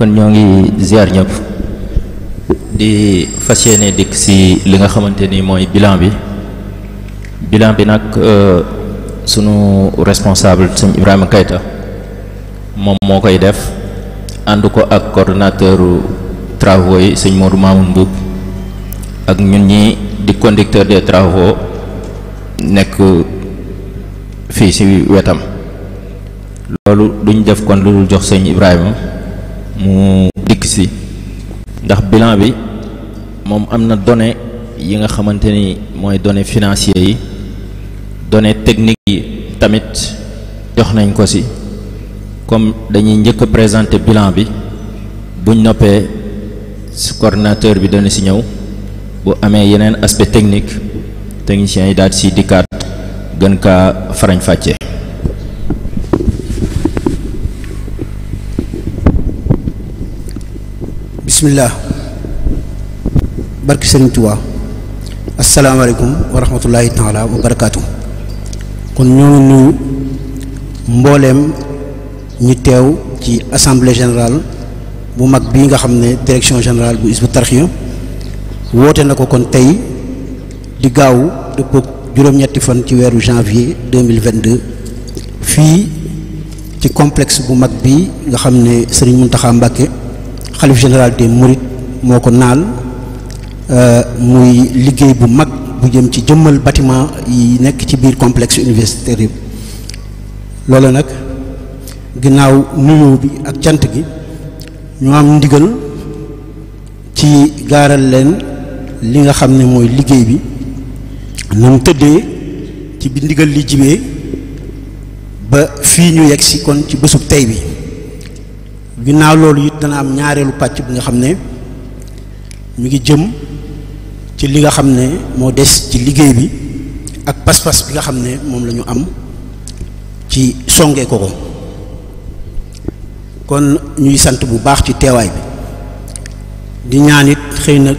kon ñoo ngi ziar ñep di fas diksi ci li nga xamanteni moy bilan bi bilan bi nak euh, sunu responsable seigne Ibrahima Kayta mom mo koy def ànd ko ak coordinateur travaux yi sëñ Modou Mamoun Mboub ak ñun ñi di conducteur des travaux nek fi si wetam lolu duñ def kon lu jox seigne Ibrahima mu dikk si ndax bilan bi moom am na données yi nga xamante ni mooy données financier yi données techniques yi tamit jox nañ ko si comme dañuy njëkk a présenter bilan bi buñ noppee cordinateur bi dana si ñëw bu amee yeneen aspect technique techniciens yi daal si dikkaat gën kaa farañ fàccee bismillah barki serigne touba Tuubaa asalaamaaleykum wa rahmatullahi taala wa barakaatu kon ñoo ñu mbollem mbooleem ñi teew ci assemblée générale bu mag bi nga xam direction générale bu isbu Tarqiyyah woote nako kon tay di gaaw dëppook juroom ñetti fan ci wéru janvier 2022 fi ci complexe bu mag bi nga xam serigne sëriñ Muntaxa xalif général des Mourides moo ko naal euh, muy liggéey bu mag bu jëm ci jëmmal bâtiment yi nekk ci biir complex universitaire yi loolu nag ginnaaw nuyoo bi ak cant gi ñu am ndigal ci gaaral leen li nga xam ne mooy liggéey bi na mu tëddee ci bi ndigal li jibee ba fii ñu yegg si kon ci bésub tey bi ginnaaw loolu it dana am ñaareelu pàcc bi nga xam ne mu ngi jëm ci li nga xam ne moo des ci liggéey bi ak pas bi nga xam ne moom lañu am ci songe ko kon ñuy sant bu baax ci teewaay bi di ñaan it xëy na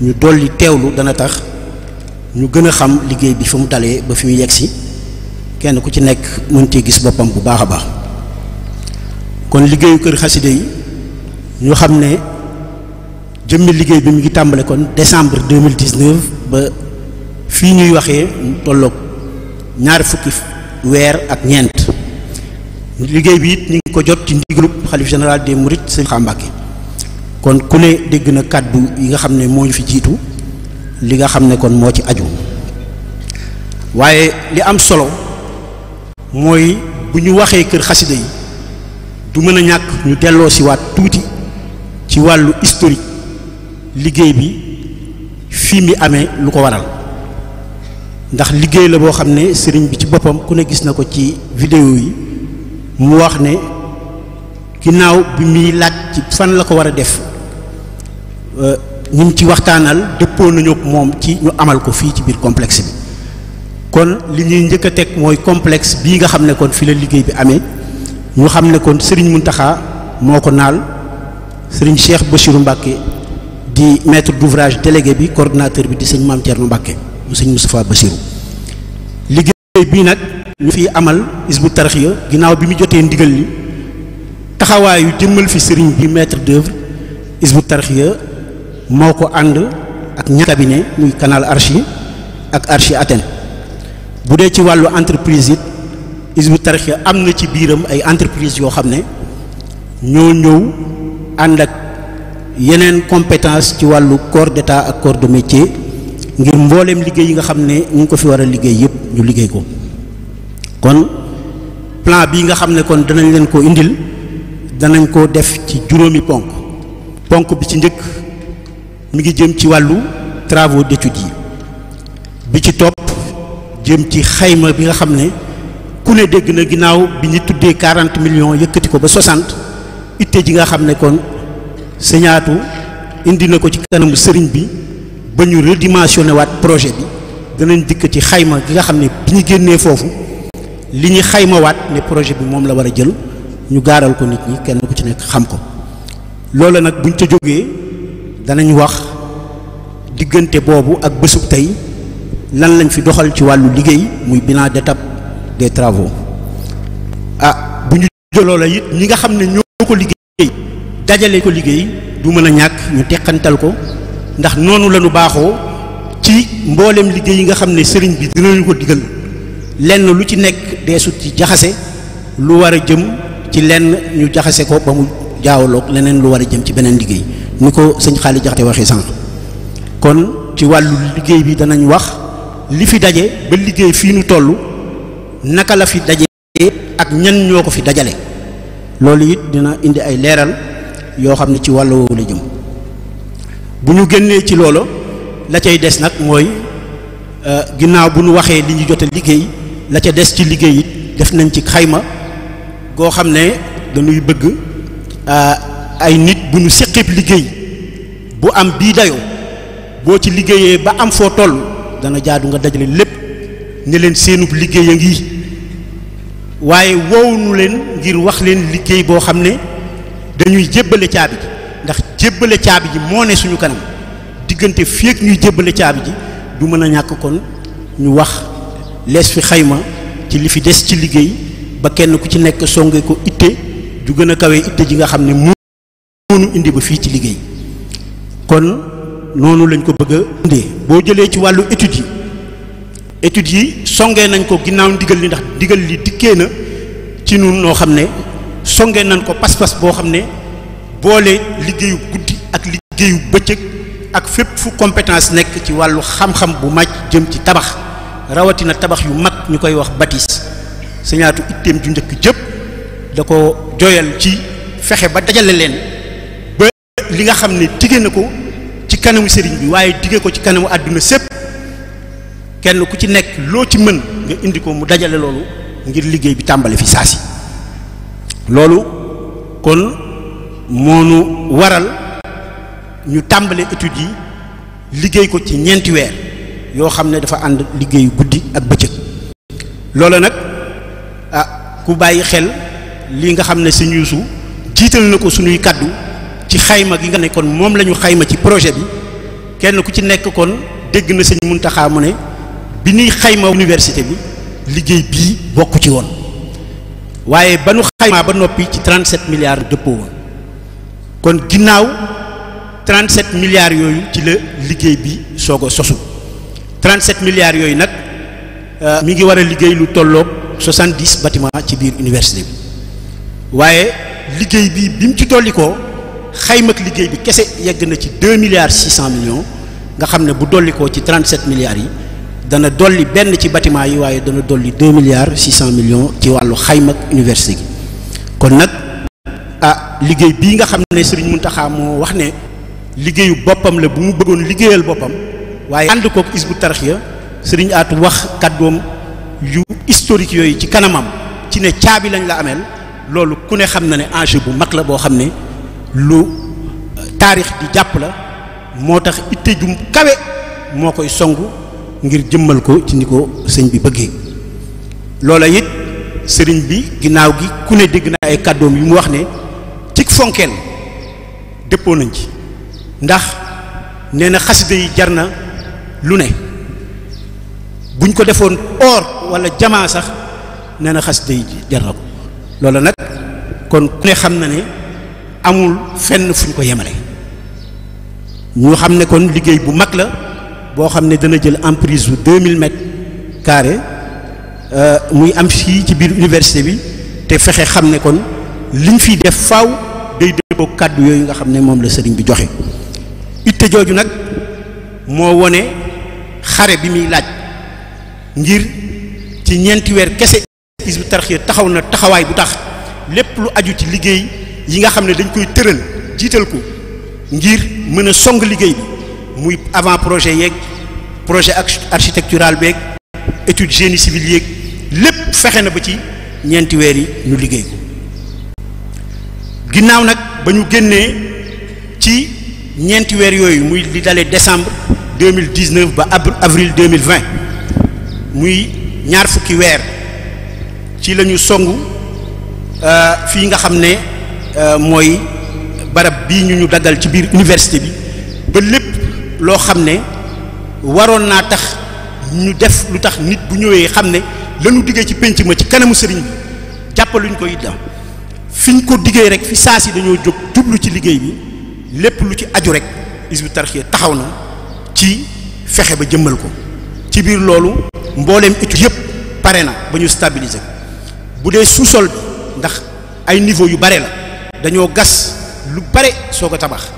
ñu dolli teewlu dana tax ñu gën a xam liggéey bi fa mu dalee ba fi mu yegg si kenn ku ci nekk mën cee gis boppam bu baax a baax kon liggéeyu kër xaside yi ñu xam ne jëmmi liggéey bi mu ngi tàmbale kon décembre deux mille dix-neuf ba fi ñuy waxee tolloog ñaar fukki weer ak ñeent liggéey bi it ñu ngi ko jot ci ndigalub xalif général des mourides sëñ Xambake kon ku ne dégg na kàddu yi nga xam ne moo ñu fi jiitu li nga xam ne kon moo ci aju waaye li am solo mooy bu ñu waxee kër xasida yi du mën a ñàkk ñu delloo siwaat tuuti ci wàllu historique liggéey bi fii mi amee lu ko waral ndax liggéey la boo xam ne sëriñ bi ci boppam ku ne gis na ko ci vidéo yi mu wax ne ginnaaw bi muy laaj ci fan la ko war a def euh, ñim ci waxtaanal dëppoo nañu ak moom ci ñu amal ko fii ci biir complexe bi kon li ñuy njëkk teg mooy complexe bii nga xam ne kon fi la liggéey bi amee ñu xam ne kon Serigne Mountakha moo ko naal sëriñ Cheikh Bachirou Mbacké di maître d'ouvrage délégué bi coordinateur bi di sëñ Mame Thierno Mbacké mu sëñ Moustapha Bachirou liggéey bii nag ñu fi amal Hizbut Tarqiyyah ginnaaw bi mu jotee ndigal li taxawaayu jëmmal fi Serigne bi maître d'œuvre Hizbut Tarqiyyah moo ko ànd ak ñaar cabinet muy Canal Archi ak Archi Athènes bu dee ci wàllu entreprise it Hizbut Tarqiyyah am na ci biiram ay entreprise yoo xam ne ñoo ñëw ànd ak yeneen compétence ci wàllu corps ak corps ngir mbooleem liggéey yi nga xam ne ñu ko fi war a liggéey yépp ñu liggéey kon plan bii nga xam ne kon danañ leen ko indil danañ ko def ci juróomi ponk ponk bi ci njëkk mi ngi jëm ci wàllu travaux d'étude yi bi ci topp jëm ci xayma bi nga xam ne ku ne dégg na ginnaaw bi ñu tuddee quarante millions yëkkati ko ba soixante itte ji nga xam ne kon sëñaatu indi na ko ci kanamu sëriñ bi ba ñu redimensionné waat projet bi danañ dikk ci xayma gi nga xam ne bi ñu génnee foofu li ñu xaymawaat ne projet bi moom la war a jël ñu gaaral ko nit ñi kenn ku ci nekk xam ko loola nag buñ ca jógee danañu wax diggante boobu ak bésub tey lan lañ fi doxal ci wàllu liggéey muy bilan d'étape des travaux ah bu ñu jëloo la it ñi nga xam ne ñoo ko liggéey dajale ko liggéey du mën a ñàkk ñu teqantal ko ndax noonu la ñu baaxoo ci mboolem liggéey yi nga xam ne sëriñ bi dinañu ko digal lenn lu ci nekk deesut ci jaxase lu war a jëm ci lenn ñu jaxase ko ba mu jaawaloog leneen lu war a jëm ci beneen liggéey ni ko sëñ xaali jaxate waxee sànq kon ci wàllu liggéey bi danañ wax li fi daje ba liggéey fii nu toll naka la fi daje ak ñan ñoo ko fi dajale loolu it dina indi ay leeral yoo xam ne ci wàll woowu la jëm bu ñu génnee ci loolo la cay des nag mooy euh, ginnaaw bu nu waxee li ñu jote liggéey la ca des ci liggéey it def nañ ci xayma goo xam ne dañuy bëgg euh, ay nit bu ñu séqib liggéey bu am bii dayoo boo ci liggéeyee ba am foo toll dana jaadu nga dajale lépp ne leen nous liggéey a ngi waaye wownu leen ngir wax leen liggéey boo xam ne dañuy jébbale caabi ji ndax jébbale caabi ji moo ne suñu kanam diggante fiek ñuy jébbale caabi ji du mën a ñàkk kon ñu wax lees fi xayma ci li fi des ci ba kenn ku ci nekk songe ko itte ju gën a itte ji nga xam ne indi ci kon lañ ko bëgg ci étude études yi songee nañ ko ginnaaw ndigal li ndax ndigal li dikkee na ci ñun noo xam ne songee nañ ko pas-pas boo xam ne boole liggéeyu guddi ak liggéeyu bëccëg ak fépp fu compétence nekk ci wàllu xam-xam bu màcc jëm ci tabax rawatina tabax yu mag ñu koy wax batis sañaatu itteem ju njëkk jëpp da ko joyal ci fexe ba dajale leen ba li nga xam ne dige na ko ci kanamu sëriñ bi waaye dige ko ci kanamu àdduna sépp kenn ku ci nekk loo ci mën nga indi ko mu dajale loolu ngir liggéey bi tàmbali fi saa si loolu kon moonu waral ñu tàmbale études yi liggéey ko ci ñeenti weer yoo xam ne dafa ànd liggéeyu guddi ak bëccëg loola nag ah ku bàyyi xel li nga xam ne sëñ Yuusu jiital na ko suñuy kàddu ci xayma gi nga ne moom lañu xayma ci projet bi kenn ku ci nekk kon dégg na sëñ Muntaxa mu ne li ñuy xayma université bi liggéey bii bokk ci woon waaye ba nu xaymaa ba noppi ci 37 milliards dëppoo woon kon ginnaaw 37 milliards yooyu ci la liggéey bi soog a sosu 37 milliards yooyu nag euh, mi ngi war a liggéey lu tolloog 70 bâtiment ci biir université bi waaye liggéey bi bi mu ci dolli ko xaymak liggéey bi kese yegg na ci 2 milliards 600 millions nga xam ne bu dolli ko ci 37 milliards yi. dana dolli benn ci bâtiment yi waaye dana dolli deux milliards six cent millions ci wàllu xaymag ak université gi kon nag ah liggéey bii nga xam ne Serigne Mountakha moo wax ne liggéeyu boppam la bu mu bëggoon liggéeyal boppam waaye ànd kook isbu tarxiya Serigne Atou wax kàddoom yu historique yooyu ci kanamam ci ne caabi lañ la ameel loolu ku ne xam na ne enjeu bu mag la boo xam ne lu euh, taarix di jàpp la moo tax te jum kawe moo koy songu ngir jëmmal ko ci ni ko sëñ bi bëggee loola it sëriñ bi ginnaaw gi ku ne dégg na ay kàddoom yu mu wax ne cig fonkeel dëppoo nañ ci ndax nee na xasida yi jar na lu ne buñ ko defoon or walla jamaa sax nee na xasida yi jar na ko loola nag kon ku ne xam na ne amul fenn fuñ ko yemale ñu xam ne kon liggéey bu mag la bo xamne dana jël emprise bu 2000 mètres euh muy am fi ci biir université bi te fexe xamné kon liñ fi def faaw day dëppoo cadeau yoy nga xamné mom la sëriñ bi joxe itte joju nak mo wone xare bi mi laaj ngir ci ñeenti wër kessé Hizbut Tarqiyyah taxaw na taxaway bu tax lépp lu aju ci liggéey yi nga xamné dañ koy teurel jital ko ngir mëna song liggéey bi muy avant projet yek projet architectural beeg étude génie civil yek lepp fexé na ba ci ñenti wër yi ñu liggéey ko ginnaaw nak bañu génné ci ñenti wër yoy muy li dalé décembre 2019 à ba avril 2020. Oui, muy ñaar fukki wër ci lañu songu euh fi nga xamné euh moy barab bi ñu ñu daggal ci bir université loo xam ne waroon naa tax ñu def lu tax nit bu ñëwee xam ne lañu diggee ci penc ma ci kanamu sëriñ bi jàppaluñ ko itam fi ñu ko diggee rek fi saa si dañoo jóg jublu ci liggéey bi lépp lu ci aju rek Hizbut taxaw na ci fexe ba jëmmal ko ci biir loolu mbooleem étude yëpp pare na ba ñu stabiliser bu dee sous-sol bi ndax ay niveau yu bare la dañoo gas lu bare soo ko tabax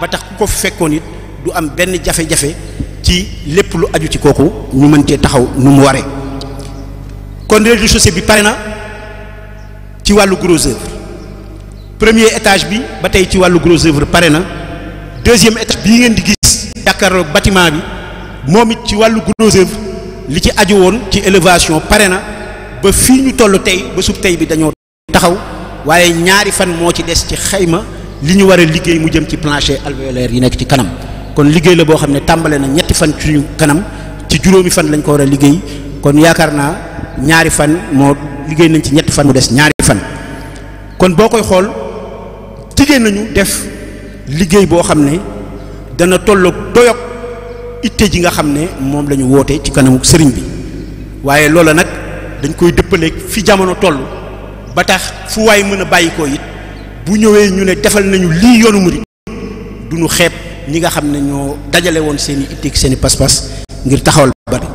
ba tax ku ko du am ben jafé jafé ci lepp lu aju ci kooku ñu mën cee taxaw nu mu waré kon rédu de chaussée bi gros œuvre premier étage bi ba ci gros œuvre paréna. deuxième étage le ngeen di gis bâtiment bi momit ci walu gros œuvre li ci aju won ci élévation paréna. na ba le ñu tollu tay ba tay bi dañoo taxaw ñaari fan ci li ñu war a liggéey mu jëm ci plancher alvéolaire yi nekk ci kanam kon liggéey la boo xam ne tàmbale na ñetti fan ci ñu kanam ci juróomi fan lañ ko war a liggéey kon yaakaar naa ñaari fan moo liggéey nañ ci ñetti fan mu des ñaari fan kon boo koy xool tigee nañu def liggéey boo xam ne dana tolloog doyog itte ji nga xam ne moom la ñu woote ci kanamu sëriñ bi waaye loola nag dañ koy dëppaleeg fi jamono toll ba tax fu waay mën a bàyyi ko it bu ñëwee ñu né nous nañu li yoonu murid du ñu ñi nga xamné ñoo dajale won seen pas-pas ngir taxawal bari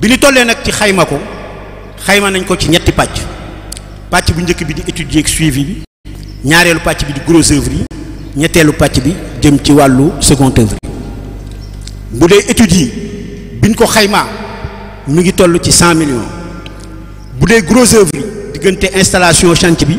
bi ni tollé nak ci xayma ko xayma nañ ko ci ñetti patch patch bu ñëk bi di étudier ak suivi bi ñaareelu patch bi di gros œuvre yi patch bi jëm ci second œuvre bu dé biñ ko xayma mi ngi tollu ci cent millions bu gros œuvre yi installation chantier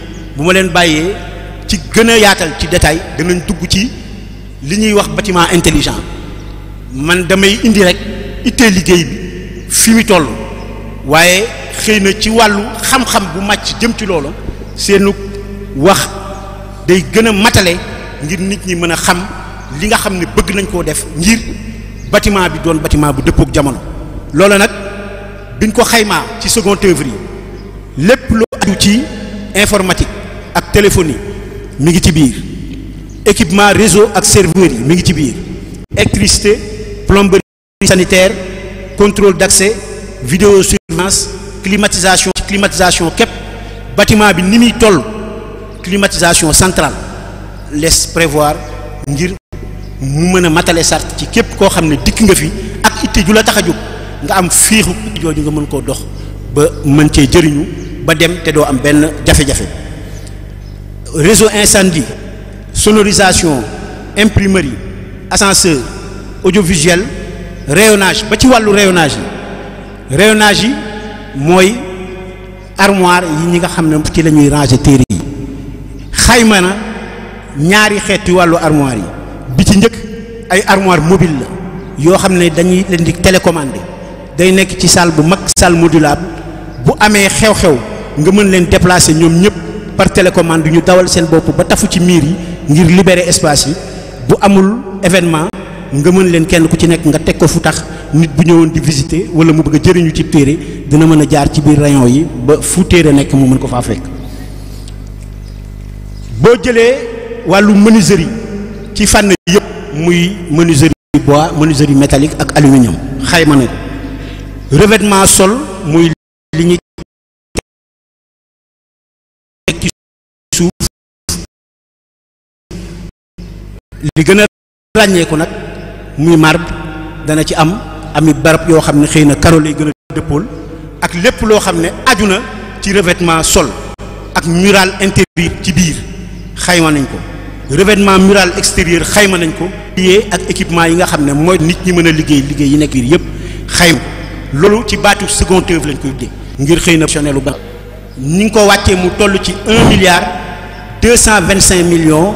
buma que vous ci gën yaatal ci détail danañ dugg ci li wax bâtiment intelligent man damay indi rek bi fi toll ci xam-xam bu jëm ci wax day ngir nit ñi mëna xam li nga bëgg nañ def ngir bâtiment bi doon bâtiment bu jamono loolu nak biñ ko xeyma ci aju ci informatique ak téléphonie équipement réseau ak servir, électricité plomberie sanitaire contrôle d'accès vidéo climatisation climatisation képp bâtiment climatisation centrale laisse prévoir ngir mu mën a ci képp nga fi ak nga am nga dox ba mën jëriñu ba réseau incendie sonorisation imprimerie ascenseur audiovisuel rayonnage ba ci wàllu rayonnage yi rayonnage yi mooy armoire yi ñi nga xam ne ci la ñuy ranger téere yi xayma ñaari xeetu wàllu armoire yi bi ci ay armoire mobile Yo yoo dañuy leen di day nekk ci salle bu salle modulable bu amee xew-xew nga mën leen déplacer par télécommande ñu dawal seen bopp ba tafu ci miir yi ngir libérer espace yi bu amul événement nga mën leen kenn ku ci nekk nga teg ko fu tax nit bu ñëwoon di visiter wala mu bëgg jëriñu ci téere dina mën a jaar ci biir rayon yi ba fu téere nekk mu mën ko faa fekk boo jëlee wàllu yi ci fànn yëpp muy menuiserie bois menuiserie métalique ak aluminium xayma na revêtement sol muy li ñuy li gëna a ko nak muy marbre dana ci am ami barap yo xamné xeyna xëy na karo lay ak lepp lo xamné aduna ci revêtement sol ak mural intérieur ci bir xayma nañ ko revêtement mural extérieur xayma nañ ko lié ak équipement yi nga xamné ne nit ñi mëna liggéey liggéey yi nek biir yépp xayma lolu ci batu second œuvre lañ koy dégg ngir xeyna na ba ni ngi ko waccé mu tollu ci 1 milliard 225 millions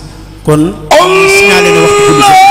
kon sinyalé na waktu bu bisa.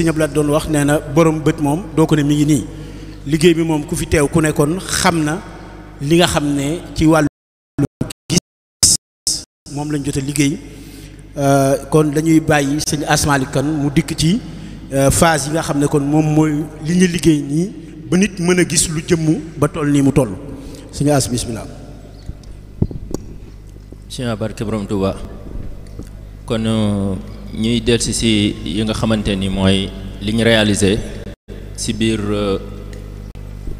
sëñ Abdou doon wax nee na borom bët moom doo ko ne mu ngi nii liggéey bi moom ku fi teew ku nekkoon xam na li nga xam ne ci wàllu gis moom lañ jote liggéey euh, kon dañuy bàyyi sëñ Asmalik kan mu dikk ci euh, phase yi nga xam ne kon moom mooy li ñu liggéey nii ba nit mën a gis lu jëmm ba toll nii mu toll sëñ As bismillah. sëñ Abarke borom Tuuba kon. Euh, ñuy ci ci yi nga xamanteni moy liñ réaliser ci réalisé si biir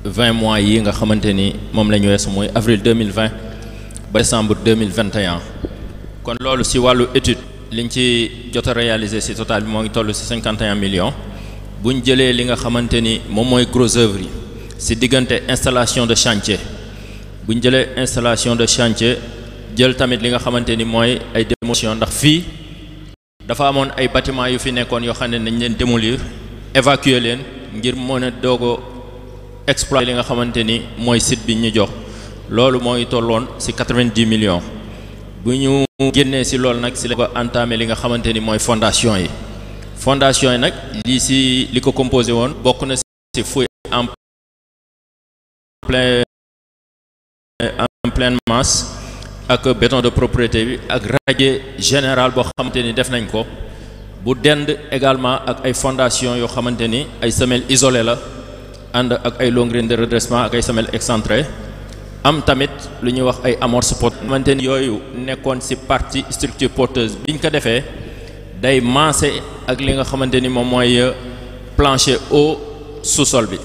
20 euh, mois yi nga xamanteni mom lañu la moy avril 2020, ba décembre 2021. kon lolu ci walu étude liñ ci jot réaliser ci total bi ngi tollu ci 51 millions buñ jëlé li nga xamanteni mom moy gros œuvre ci si installation de chantier buñ jëlé installation de chantier jël tamit li nga xamanteni moy ay démolition ndax fii dafa amone ay bâtiment yu fi nekkone yo xam ne nañ leen démolir évacuer leen ngir mën dogo doog exploiter li nga xamanteni moy site bi ñu jox lolu moy tollone ci 90 millions bu ñu génnee ci loolu nak ci la ko entamé li nga xamanteni moy fondation yi fondation yi n'ak lii ci liko composé woon bokk na ci fouy en plein en pleine masse ak béton de propriété bi ak radier général bo xamanteni def nañ ko bu dend également ak ay fondation yo xamanteni ay semelles isolées la and ak ay longrines de redressement ak ay semelles excentrées am tamit lu ñuy wax ay amorce pot xamante ni yooyu ci partie structure porteuse biñ ko defee day mancé ak li nga xamanteni mom moy plancher au sous-sol bi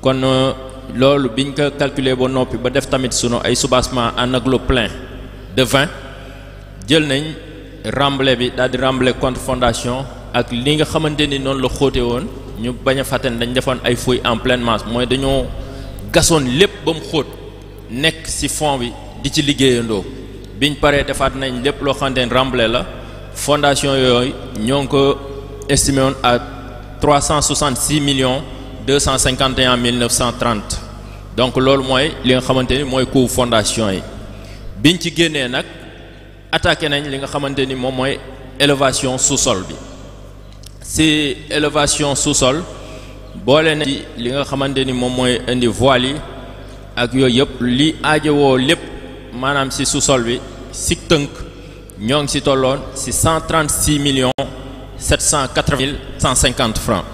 kon euh, lolu biñ ko calculer bo nopi ba def tamit suno ay soubassement en aglo plein de vin jël nañ remblai bi daal di remblai contre fondation ak li nga xamanteni non noonu la xóote woon ñu baña a dañ defon ay fouilles en pleine masse moy dañoo gasoon lépp bam mu nek ci fond bi di ci liggéeyandoo biñ paré defat nañ lépp lo xamante ni la fondation yoy ñoo ko estimé woon à 366 millions 251 cent donc lool moy li nga xamanteni moy coût fondation yi biñ ci génné nak attaqué nañ li nga ni élévation sous-sol bi si élévation sous-sol bolé na li nga xamante ni moom indi voile ak yep li wo lip manam si sous-sol bi sik tënk ñong ci cent trente-six millions sept cent quatre mille cent cinquante francs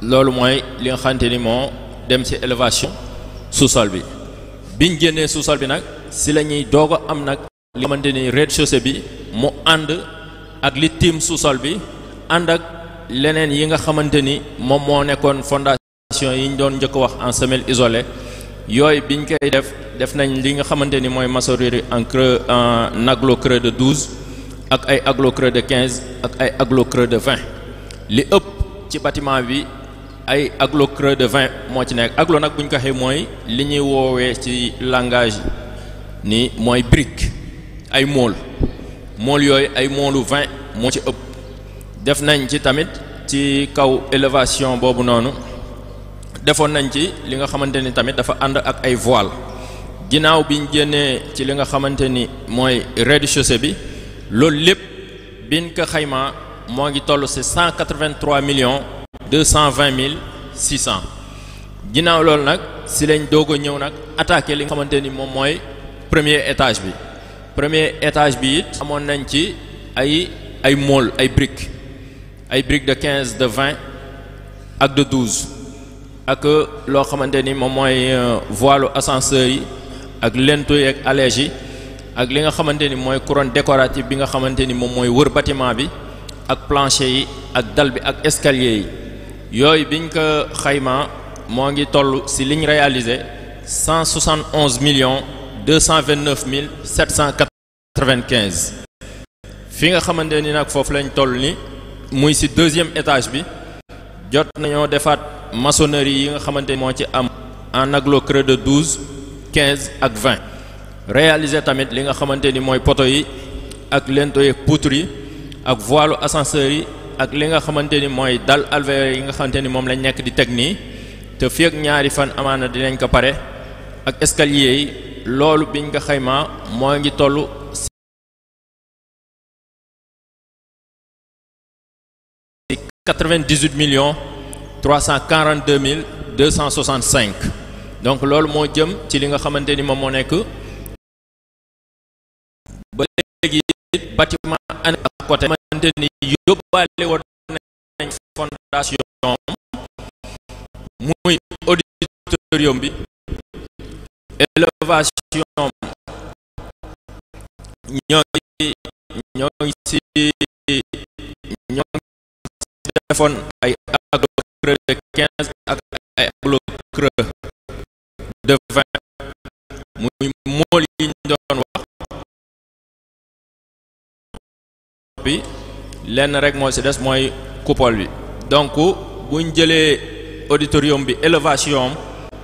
loolu moy li nga xamante ni mo dem ci élévation sous-sol bi biñ génné sous-sol bi n'ak si lañuy dogo am nak li xamante red chaussée bi mu and ak li tim sous-sol bi and ak leneen yi nga xamanteni ni mo moo fondation yi ñu doon jëk wax en semelle isolé yoy biñ koy def def nañ li nga xamanteni moy mooy en creux en aglo creux de 12 ak ay aglo creux de 15 ak ay aglo creux de 20 li ëpp ci bâtiment bi ay aglo creux de 20 mo ci nek agglo nak buñ ko xé moy li ñuy woowee ci langage ni moy brique ay mol, mol yoy ay moolu 20 mo ci def nañ ci tamit ci kaw élévation bobu nonu defoon nañ ci li nga xamanteni tamit dafa ak ay voile ginaaw les rez-de-chaussée bi biñ ko ngi millions deux cent vingt lañ premier étage bi premier étage bi it amoon nañ ci ay ay mol ay briques ay briques de 15 de 20 ak de 12 ak euh, lo xamanteni mom moy euh, voile ascenseur yi ak lento ak allège ak li nga xamanteni ni mooy couronne décorative bi nga xamanteni mom moy mooy wër bâtiment bi ak plancher yi ak dal bi ak escalier yi yoy biñ ko xayma mo ngi tollu ci liñ réaliser 171 millions 229 795 fi nga xamante ni nag lañ toll ni ci deuxième étage bi jot nañoo defaat maçonnerie yi nga xamante ci am en aglo creux de 12 15 ak 20 réaliser tamit li nga xamante ni mooy poto yi ak lento yeeg poutre ak ascenseur yi ak li nga xamanteni moy dal alvéole yi nga xamanteni mom moom lañ di technique te fi ak ñaari fan di dinañ ko paré ak escalier yi loolu biñ nga xayma moo ngi tollu ci 98 millions 342 mille 265 donc loolu moo jëm ci li nga xamante ni moom moo nekk ba léegi bâtiment année à xamante ni yóbbaale woon nañ fondation muy auditorium bi élévation ñoo ngi ñoo ay aglo creux muy mool yi ñu wax bi lenn rek moo ci des mooy coupole bi donc buñ jëlee auditorium bi élévation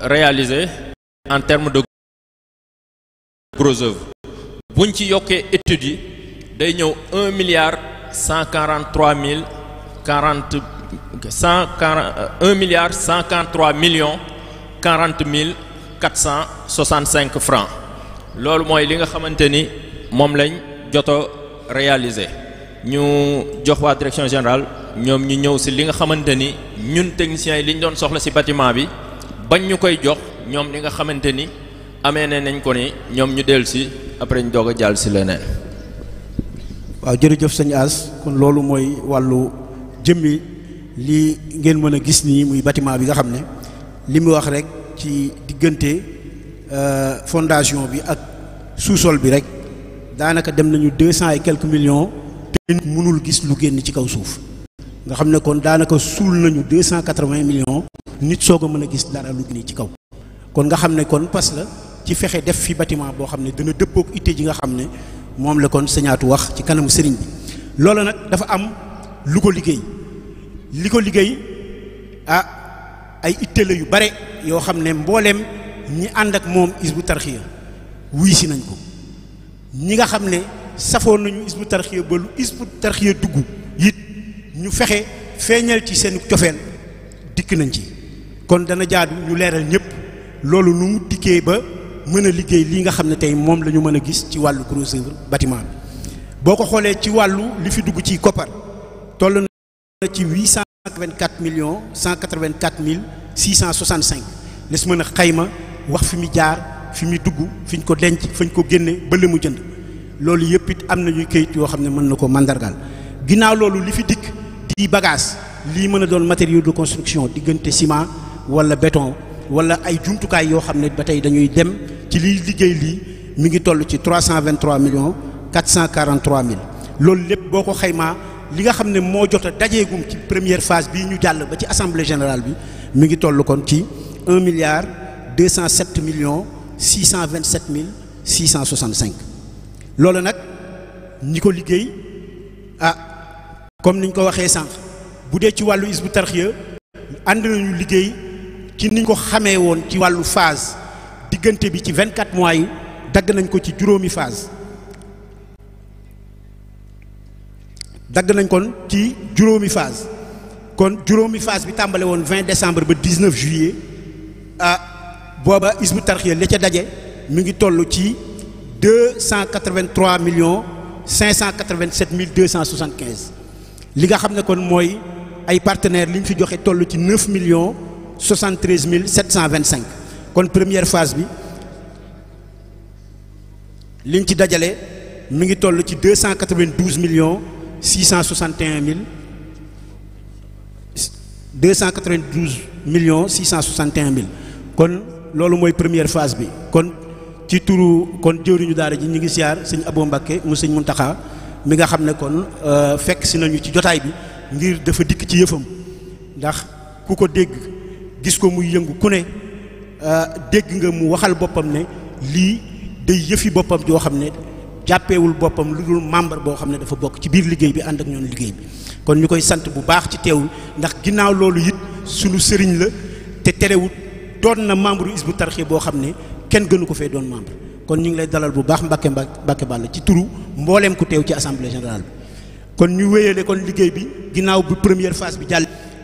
réalisé en termes de gros œuvres buñ ci yoké milliard cent quarante trois euh, milliard cent millions quarante mille francs loolu moy li nga xamanteni réalisé ñu jox wa direction générale Nous, ñu li nga ñun techniciens yi bâtiment bañ ñu koy jox ñoom li nga xamante ni amee ne nañ ko ni ñoom ñu dellu si après ñu doog a jàll si leneen. waaw jërëjëf sëñ As kon loolu mooy wàllu jëmmi li ngeen mën a gis nii muy bâtiment bi nga xam ne li mu wax rek ci diggante euh, fondation bi ak sous-sol bi rek daanaka dem nañu deux cent et quelques millions te mënul gis lu génn ci kaw suuf nga xam ne kon daanaka suul nañu deux cent quatre-vingts millions nit soo ko mën a gis dara lu gën ci kaw kon nga xam ne kon pas la ci fexe def fi bâtiment boo xam ne dina dëppook itte ji nga xam ne moom la kon sañaatu wax ci kanamu sëriñ bi nag dafa am lu ko liggéey li ko liggéey ah ay itte yu bare yoo xam ne mbooleem ñi ànd ak moom isbu tarxiya wuy si nañ ko ñi nga xam ne safoon nañu isbu tarxiya ba lu bu tarxiya dugg it ñu fexe feeñal ci seen cofeel dikk nañ ci kon dana jaadu ñu leeral ñëpp loolu lu mu dikkee ba mën a liggéey lii nga xam ne tey moom la ñu mën a gis ci wàllu gros œuvre bi boo ko xoolee ci wàllu li fi dugg ci koppar toll na ci huit cent quatre-vingt-quatre millions cent quatre-vingt-quatre mille six cent soixante-cinq les mën a xayma wax fi mu jaar fi mu dugg fi ñu ko denc fañ ko génne ba li mu jënd loolu yëpp it am na ñuy këyit yoo xam ne mën na ko màndargaal ginnaaw loolu li fi dikk di bagage lii mën a doon matériaux de construction diggante ciment wala béton wala ay jumtukaay yoo xam ne ba tey dañuy dem ci liy liggéey lii mi ngi toll ci trois cent vingt trois millions quatre cent quarante trois mille loolu lépp boo ko xaymaa li nga xam ne moo jot a dajeegum ci première phase bi ñu jàll ba ci assemblée générale bi mi ngi toll kon ci un milliard deux cent sept millions six cent vingt sept mille six cent soixante cinq loolu nag ñi ko liggéey ah comme niñ ko waxee sànq bu dee ci wàllu isbu Tarqiyyah ànd nañu liggéey qui niñ ko xamé won ci phase digënté bi mois yi dagg nañ ko ci phase dagg nañ kon ci phase kon phase bi 20 décembre ba 19 juillet à ah, booba Hizbut Tarqiyyah li ca dajé mi ngi tollu 283 millions 587 275 li nga xamné kon ay partenaires fi 9 millions 73 725 kon première phase bi liñ ci dajale 292 millions 661 000. 292 millions 661 000. kon loolu mooy première phase bi kon ci turu kon jëwriñu daara ji ñi ngi siar sëñ Abo Mbakke mu sëñ Muntaxa mi nga xamné kon euh fekk ci nañu ci jotaay bi ngir dafa dikk ci ndax ku dégg gis ko muy yëngu ku ne euh, dégg nga mu waxal boppam ne lii day yëfi boppam joo xam ne jàppeewul boppam lu dul membre boo xam ne dafa bokk ci biir liggéey bi ànd ak ñoom liggéey bi kon ñu koy sant bu baax ci teewul ndax ginnaaw loolu it sunu sëriñ la te terewul doon na membre isbu Hizbu Tarqiyyah boo xam ne kenn gënu ko fee doon membre kon ñu ngi lay dalal bu baax Mbàkke Mbàkke Bàll ci turu mbooleem ku teew ci assemblée générale bi kon ñu wéyale kon liggéey bi ginnaaw bi première phase bi jàll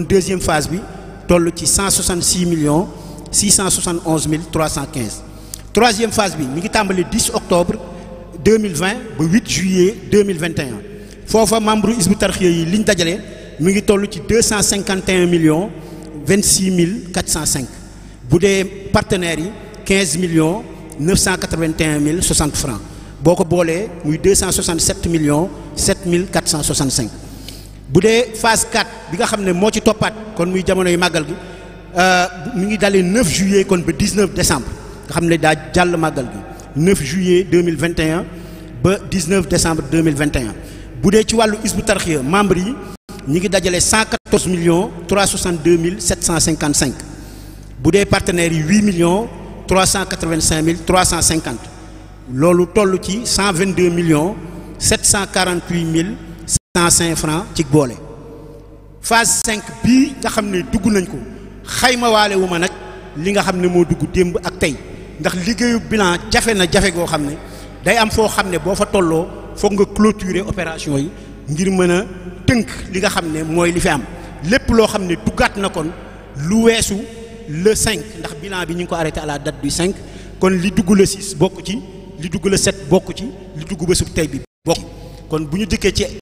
deuxième phase bi 166 millions 671 315 troisième phase bi mi ngi 10 octobre 2020 le 8 juillet 2021 foofa membre Hizbut Tarqiyyah yi li 251 millions 26 405 bu dee partenaires 15 millions 981 60 francs boo 267 millions 7 465 boudé phase 4 bi nga xamné mo ci topat kon muy jamono yu gi euh, mi ngi 9 juillet kon ba 19 décembre nga xamné da 9 juillet 2021 ba 19 décembre 2021 boudé ci walu isbu membre yi ñi ngi dajale 114 millions 362 755 bu partenaire, 8 millions 385 350 loolu toll ci 122 millions 748 000, cent cinq francs ci bolé phase 5 bi nga xamné duggu nañ ko xayma walé wuma nak li nga xamné mo duggu demb ak tay ndax liggéeyu bilan jafé na jafé go xamné day am fo xamné bo fa tolloo fo nga clôturer opération yi ngir mëna teunk li nga xamné moy li fi am lepp lo xamné dugat na kon lu weesu le 5 ndax bilan bi ñu ngi ko arrêté à la date du 5 kon li duggu le 6 bokk ci li duggu le 7 bokk ci li duggu bésub tay bi bokk kon buñu ñu ci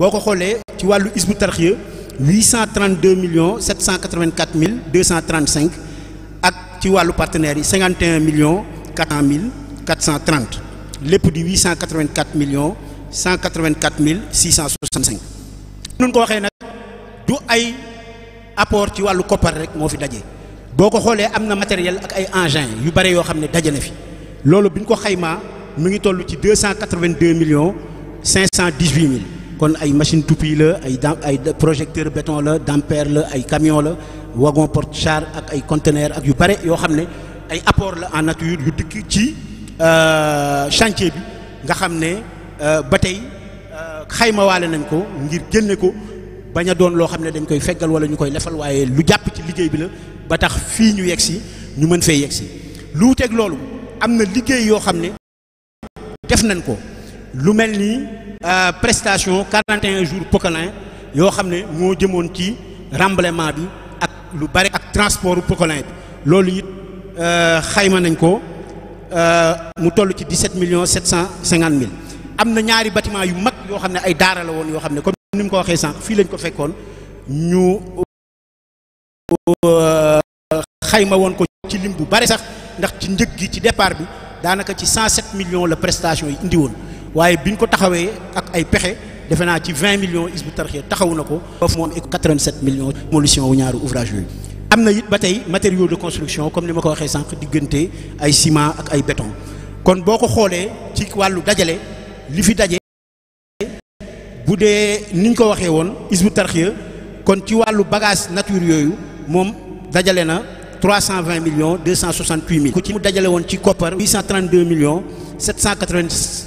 Boko xolé tu ci walu isbu 832 millions 784 235 ak ci walu partenaire 51 millions 400 430 lepp di 884 millions 184 665. Nous ko waxé nak du ay apport ci walu le rek mo fi dajé Boko xolé amna matériel ak ay engins yu bari yo xamné dajé na fi lolu biñ ko xeyma mu ngi ci 282 millions 518 000 kon ay machine toupie la ay projecteur béton la dampère la ay camion la wagon porte char ak ay conteneur ak yu bare yo apport en nature yu euh, chantier bi nga xamné euh batay euh xayma walé nañ ko ngir ko baña doon lo xamné dañ koy wala lefal wayé lu ci liggéey bi la ba tax ñu ñu lu euh, prestation 41 jours Pocolin yo xamné mo ci remblaiement bi ak lu bari ak transport Pocolin lolu loolu euh xayma nañ ko euh, mu ci 17 millions 750 000 am ñaari bâtiment yu mag yo ay la comme ko lañ ko ñu euh, xayma ko ci bari sax ndax ci départ bi ci 107 millions la prestation yi waye biñ ko taxawé ak ay pexé défé na ci 20 millions isbu Tarqiyyah taxawu nako ko ba 87 millions démolition wu ñaaru ouvrage yu amna yit batay matériaux de construction comme ni mako waxé sank sànq ay ciment ak ay béton kon boko xolé ci walu dajale li fi dajé bu niñ ko waxé won isbu Tarqiyyah kon ci walu bagage nature yoyu mom dajalé na 320 millions 268 mille. ku ci mu dajalé won ci copper 832 millions 790.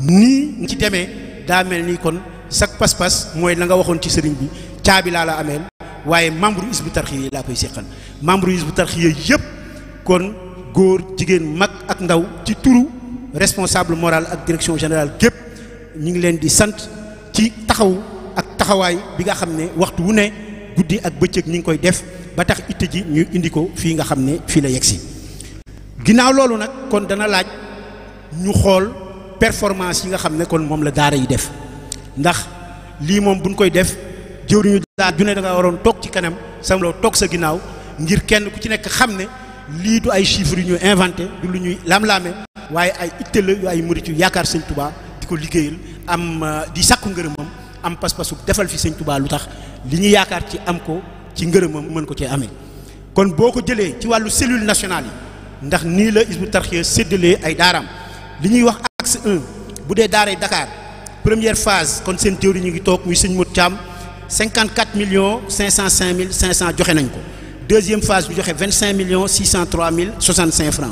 nii ci demee daa mel nii kon sag pas-pas mooy la nga waxoon ci sëriñ bi caabi laa la ameel waaye membre Hizbut Tarqiyyah yi laa koy seqal membre Hizbut Tarqiyyah yëpp kon góor jigéen mag ak ndaw ci turu responsable moral ak direction générale gépp ñu ngi leen di sant ci taxaw ak taxawaay bi nga xam ne waxtu wu ne guddi ak bëccëg ñi ngi koy def ba tax it ji ñu indi ko fii nga xam ne fii la yegg si ginnaaw loolu nag kon dana laaj ñu xool performance yi nga xam kon mom la daara yi def ndax li mom buñ koy def jëwriñu daara ju ne da nga waroon toog ci kanam sam loo toog sa ginnaaw ngir kenn ku ci nekk xam ne lii du ay chiffres yu ñuy inventé du lu ñuy lam-laame waaye ay itte la yu ay murit yu yaakaar sëñ Touba di ko liggéeyal am euh, di sàkku ngërëmam am pas-pasu defal fi sëñ Touba lu tax li ñu yaakaar ci am ko ci ngërëmam mën ko cee amee kon boo ko jëlee ci wàllu cellule nationale yi ndax nii la isbu Tarqiyyah séddalee ay daaraam li ñuy wax 1 boudé Dakar première phase kon seen théorie ñu ngi tok muy 54 millions 505 500 deuxième phase ñu joxé 25 millions 603 65 francs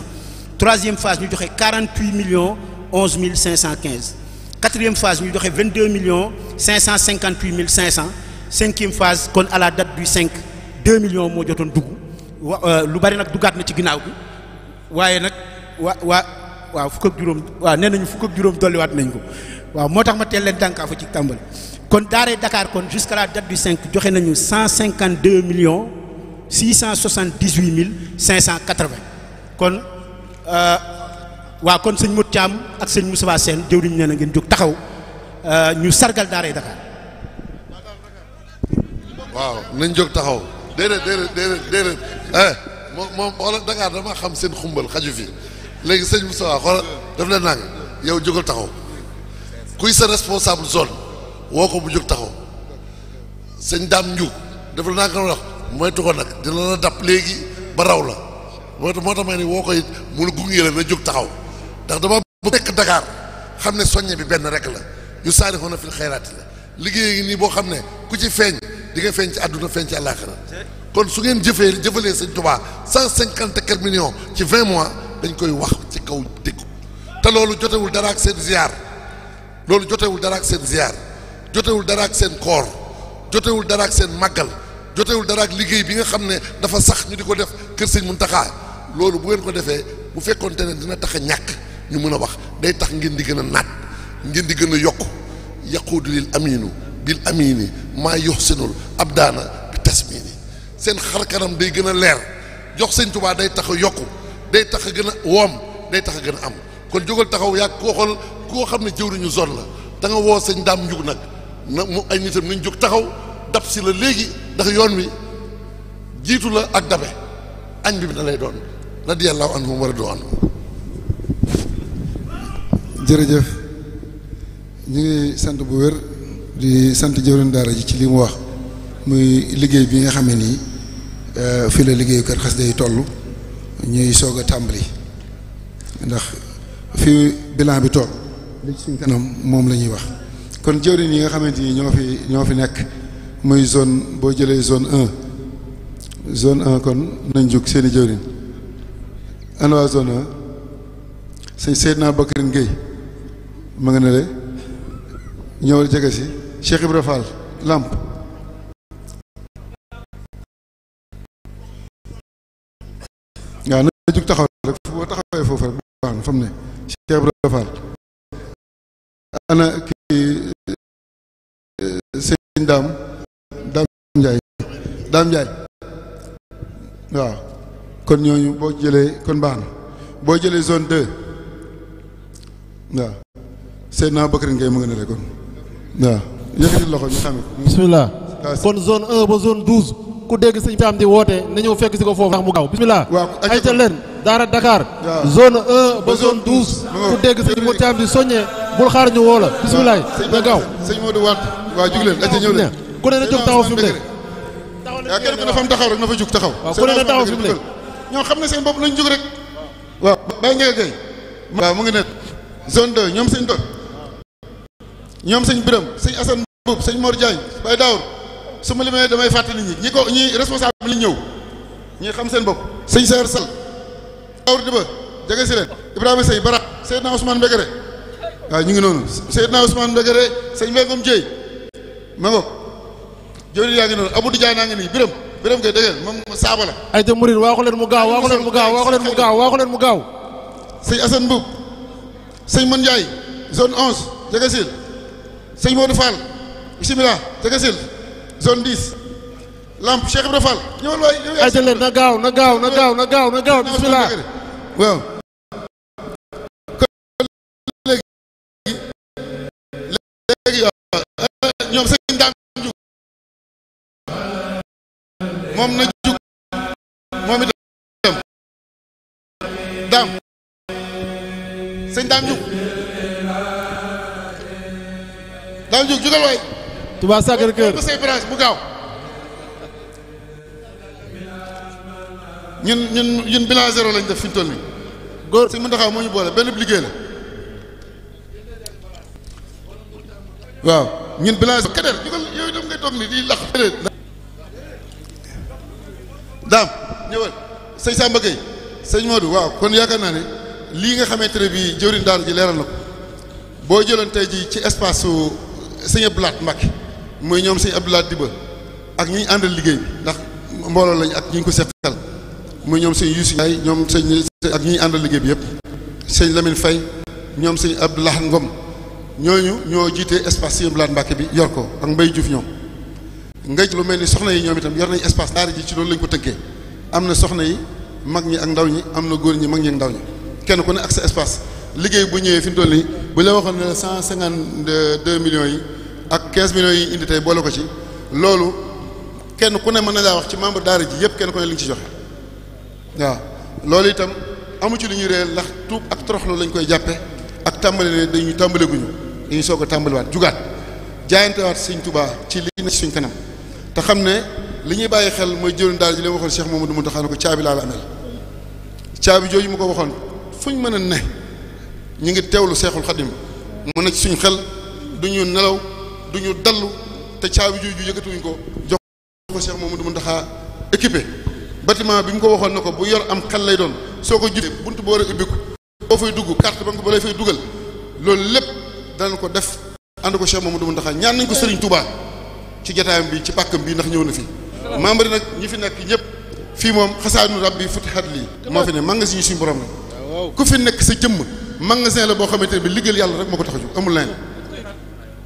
troisième phase ñu joxé 48 millions 11 515 quatrième phase ñu joxé 22 millions 558 500 cinquième phase kon à la date du 5 2 millions de jotoon dugg euh, lu waaw fukk ak juróom waaw nee nañu fukk ak juróom dolliwaat nañ ko waaw moo tax ma teel leen dànkaafu ci tàmbali kon daaree Dakar kon jusqu'à la date du 5 joxe nañu 152 millions 678 mille 580 kon euh, waaw kon sëñ Modou Thiam ak sëñ Moussa Sène jëwriñ nee na ngeen jóg taxaw euh, ñu sargal daaree Dakar. waaw nañ jóg taxaw déedéet déedéet déedéet déedéet eh, moom moom Dakar dama xam seen xumbal xaju fi. léegi sëñ Moustapha xol daf la nang yow jogal taxaw kuy sa responsable zone woko bu jog taxaw seigne dam ñu daf la nang wax moytu ko nak dina la dap léegi ba raw la motax motax may ni woko ne woo ko it la na jog taxaw ndax dama bu nek Dakar xamne ne bi ben rek la yu saarixoona fil khairat la liggéey nii boo xam ku ci feñ di nga feñ ci aduna feñ ci alakhirah kon su ngeen jëfé jëfalee seigne touba cent millions ci 20 mois dañ koy wax ci kaw deggu te loolu jotewul dara ak seen ziar loolu jotewul dara ak seen ziar jotewul dara ak seen koor jotewul dara ak seen màggal jotewul dara ak liggéey bi nga xam ne dafa sax ñu di ko def kër sëñ Muntaxa loolu bu ngeen ko defee bu fekkonte ne dina tax a ñàkk ñu mën a wax day tax ngeen di gën a naat ngeen di gën a yokk yaquudu lil aminu bil amini ma yuhsinul abdana bi tasmini seen xar kanam day gën a leer jox sëñ Tuubaa day tax a yokku day tax a gën a woom day tax a gën a am kon jógal taxaw yaa koo xool koo xam ne jëwriñu zone la da nga woo sañ daam njug nag na mu ay nitam nañ jóg taxaw dab si la léegi ndax yoon wi jiitu la ak dabe añ bi bi na lay doon war a wa radu anhum jërëjëf ñu ngi sant bu wér di sant jëwriñ daara ji ci li mu wax muy liggéey bi nga xamee ne nii eh, fii la liggéeyukat xas day toll ñuy soog a tàmbali ndax fi bilan bi toog li ci kanam moom la ñuy wax kon jëwriñ yi nga xamante ni ñoo fi ñoo fi nekk muy zone boo jëlee zone un zone un kon nañ jug seeni i jëwriñ zone un sëñ Seydina naa Ngéy ma nga ne le ñëwal jege si Cheikh Ibra Fall da jug taxaw rek fu taxawee foofu rek baax na fa mu ne Cheikh Ibrahima Fall ana kii eh, sëñ daam daam Njaay daam Njaay waaw kon ñooñu boo jëlee kon baax na boo jëlee zone deux waaw seen naa Bakar Ngay mu nga ne rek kon waaw yëkkati loxo ñu xam ko bismillah kon zone un ba zone douze ku dégg sëñ Thiam di woote na ñëw fekk si ko foofu ndax mu gaaw bismillah ay ca leen daara Dakar zone 1 ba zone 12 ku dégg sëñ Modou Thiam di soññee bul xaar ñu woo la bismillah na gaaw sëñ Modou waat waaw jug leen ñëw leen ku ne na jóg taxaw fi mu ne yaa ne fa mu taxaw rek na fa taxaw ku ne na ñoo xam ne seen bopp lañ jug rek waaw bàyyi njëkk mu ngi nekk zone 2 ñoom sañ Dor ñoom sëñ Birame sëñ Assane Mboup sëñ Mor su ma limee damay fàttali nit ñi ko ñi responsable li ñëw ñuy xam seen bopp sëñ Seer Sall awr di ba jege si leen Ibrahima Sey Bara Seydina Ousmane Mbégéré waaw ñu ngi noonu Seydina Ousmane Mbégéré sëñ ma ngo jori yaa ngi noonu Abou Diagne naa ngi nii Biram Biram Gueye dégg moom saaba la ay ta murid waaxu leen mu gaaw waaxu leen mu gaaw waaxu leen mu gaaw waaxu leen mu gaaw sëñ Assane Mbuub sëñ Man Ndiaye zone onze jege sil sëñ Modou Fall bisimila jege zone 10 lamp Cheikh Ibrahima Fall ñëwal waay yow yaa leen na gaaw na gaaw na gaaw na gaaw na gaaw bismillah waaw léegi léegi ñoom sëñ daan jug moom na jug moom Dam, Dam, sëñ Dam, jug Dam, jug jugal waay Touba Sacré-Cœur bu gaaw ñun ñun ñun bilan zéro lañ def fi ñu toll nii góor si Mountakha moo ñu boole benn liggéey la waaw ñun bilan zéro kader ñu ko yooyu dem ngay toog daam ñëwal sëñ Samba Gueye sëñ Modou waaw kon yaakaar naa ni lii nga xamante ne bii jëwriñ daara ji leeral na ko boo jëloon tey ji ci espace su sëñ Blaat muy ñoom sëñ Abdoulaye Diba ak ñi àndal liggéey ndax mbooloo lañ ak ñi ko seqal muy ñoom sëñ Youssou Ndiaye ñoom sëñ ak ñi àndal liggéey bi yëpp sëñ Lamine Faye ñoom sëñ Abdoulaye Ngom ñooñu ñoo jiite espace sëñ Abdoulaye Mbacke bi yor ko ak Mbaye Diouf ñoom nga lu mel ni soxna yi ñoom itam yor nañu espace daara ji ci loolu lañ ko tënkee am na soxna yi mag ñi ak ndaw ñi am na góor ñi mag ñi ak ndaw ñi kenn ku ne ak sa espace liggéey bu ñëwee fi mu toll nii bu la waxoon ne cent cinquante deux millions yi ak 15 millions yi indi tey boole ko ci loolu kenn ku ne mën na laa wax ci membre daara ji yëpp kenn ku ne li nga ci joxe waaw loolu itam amu ci li ñuy réer ndax tuub ak toroxlu lañ koy jàppe ak tàmbali ne dañuy tàmbale guñu dañuy soog a tàmbaliwaat jugaat jaayantewaat suñ tubaa ci li nekk suñ kanam te xam ne li ñuy bàyyi xel mooy jëriñ daal ji leen waxoon Cheikh Mamadou Mountakha ne ko caabi laa la amel caabi jooju mu ko waxoon fuñ mën a ne ñu ngi teewlu Seexul Xadim mu ne ci suñ xel du ñu nelaw du ñu dallu te caabi jooju yëkkatuñ ko jox ko Cheikh Mamadou Mountakha équipé bâtiment bi ñu ko waxoon na ko bu yor am xel lay doon soo ko jotee bunt boo war a ubbiku boo fay dugg carte banque ba lay fay dugal loolu lépp dana ko def ànd ko moom Mamadou Mountakha ñaan nañ ko Serigne Touba ci jotaayam bi ci pàkkam bi ndax ñëw na fi membre yi nag ñi fi nekk ñëpp fii moom xasaanu rabbi futihat lii moo fi ne magasin yi suñu borom la ah, ku fi nekk sa jëmm magasin la boo xamante ne bi liggéeyal yàlla rek moo ko tax a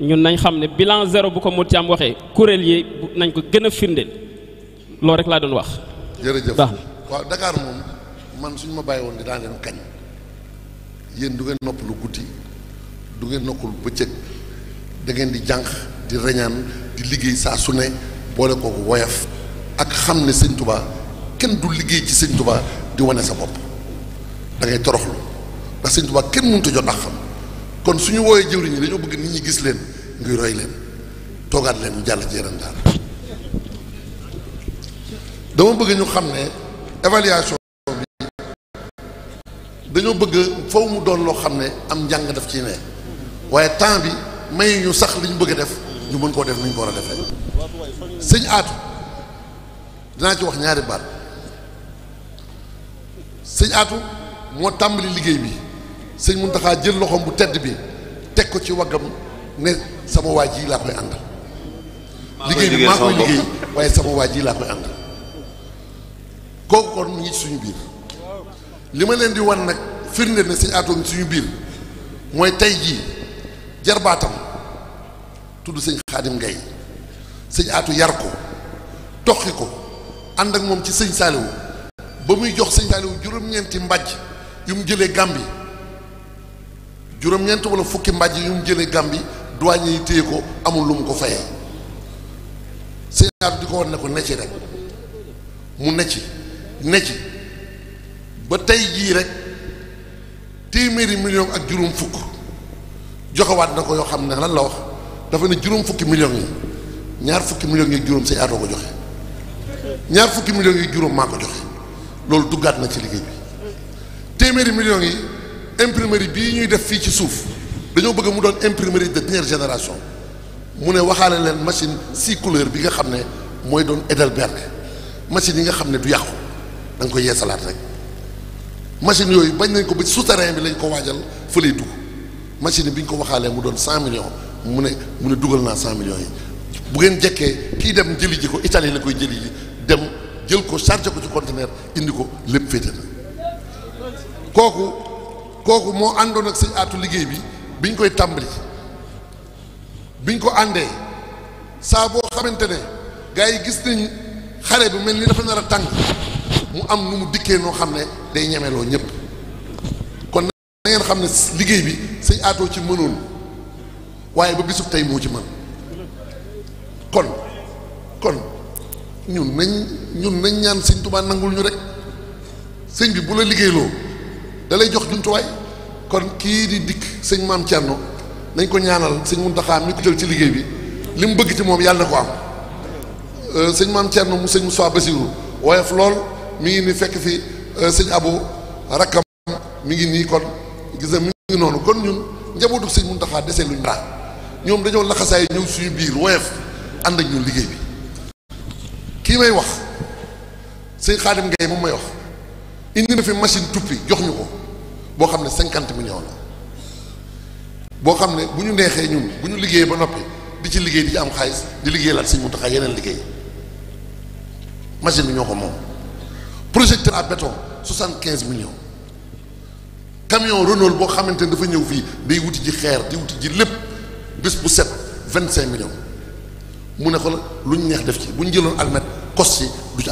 ñun nañ xam ne bilan zéro bu ko mot ci am waxee kuréel yi nañ ko gën a firndeel loolu rek laa doon wax. jërëjëf waaw Dakar moom man suñ ma bàyyi woon dinaa leen kañ yéen du ngeen noppalu guddi du ngeen noppalu bëccëg da ngeen di jànq di reñaan di liggéey saa su ne boole kooku woyaf ak xam ne sëñ Touba kenn du liggéey ci sëñ Touba di wane sa bopp da ngay toroxlu ndax sëñ Touba kenn mënut a jot ak xam. kon suñu wooyee jëwriñ ñi dañoo bëgg nit ñi gis leen ngir roy leen toogaat leen jàll ci yeneen daal dama bëgg ñu xam ne évaluation bi dañoo bëgg faw mu doon loo xam ne am njàng daf ci ne waaye temps bi may ñu sax li bëgg a def ñu mën koo def ni ko war a defee sëñ aatu dinaa ci wax ñaari baat sëñ atu moo tàmbali liggéey bi sëñ Muntaxa jël loxoom bu tedd bi teg ko ci waggam ne sama waa ji laa koy àndal. liggéey bi maa koy liggéey waaye sama waa ji laa koy àndal. kooku kon mu ngi suñu biir li ma leen di wan nag firnde ne sëñ Atou suñu biir mooy tey jii jarbaatam tudd sëñ Xaadim Ngay sëñ Atou yar ko toqi ko ànd ak moom ci sëñ Saaliwu ba muy jox sëñ Saaliwu juróom-ñeenti mbàjj yu mu jëlee Gàmbi juróom-ñeent wala fukki mbàjj yu mu jële Gàmbi douane yi téye ko amul lu mu ko fayee sëñ di ko wan ne ko ne ci rek mu ne ci ba tey jii rek téeméeri million ak juróom fukk joxewaat na ko yoo xam ne lan la wax dafa ne juróom fukki million yi ñaar fukki millions yi juróom sëñ Aatu ko joxe ñaar fukki millions yi juróom maa ko joxe loolu duggaat na ci liggéey bi téeméeri million yi. imprimerie bii ñuy def fii ci suuf dañoo bëgg mu doon imprimerie de dernière génération mu ne waxaale leen machine six couleurs bi nga xam ne mooy doon Heidelberg machine yi nga xam ne du yàqu da nga koy yeesalaat rek machine yooyu bañ nañ ko ba souterrain bi lañ ko waajal fa lay dugg machine bi ñu ko waxaalee mu doon cent millions mu ne mu ne dugal naa cent yi bu ngeen jekkee kii dem jëli ji ko Italie la koy jëli ji dem jël ko chargé ko ci conteneur indi ko lépp féete kooku moo àndoon ak sëñ aatu liggéey bi biñ koy tàmbali biñ ko àndee saa boo xamante ne gars yi gis nañ xare bi mel ni dafa nar a tàng mu am nu mu dikkee noo xam ne day ñemeloo ñëpp kon xam liggéey bi sëñ aatoo ci mënoon waaye ba bisub tey moo ci mën kon kon ñun nañ ñun nañ ñaan sëñ Tuubaa nangul ñu rek sëñ bi bu la liggéeyloo dalay lay jox jumtuwaay kon kii di dikk sëñ maam Thierno nañ ko ñaanal sëñ Mountakha mi ko jël ci liggéey bi li mu bëgg ci moom yàlla na ko am euh, sëñ maam Thierno mu sëñ mu Moussa Bassirou woyof lool mi ngi ni fekk fi euh, sëñ Abou rakkam mi ngi nii kon gis mi ngi noonu kon ñun njabootu sëñ Mountakha dese luñ daa ñoom dañoo laxasaay ñëw suñu biir woyof ànd ak ñun liggéey bi kii may wax sëñ Xaadim Gaye moom may wax indi na fi machine tuppi jox ñu ko bo xamné millions la ne ñun buñu liggéey ba di ci liggéey di am xaliss di liggéey moutakha liggéey machine projecteur à béton 75 millions camion Renault bo dafa day millions mu ne ko ci almet cost ci du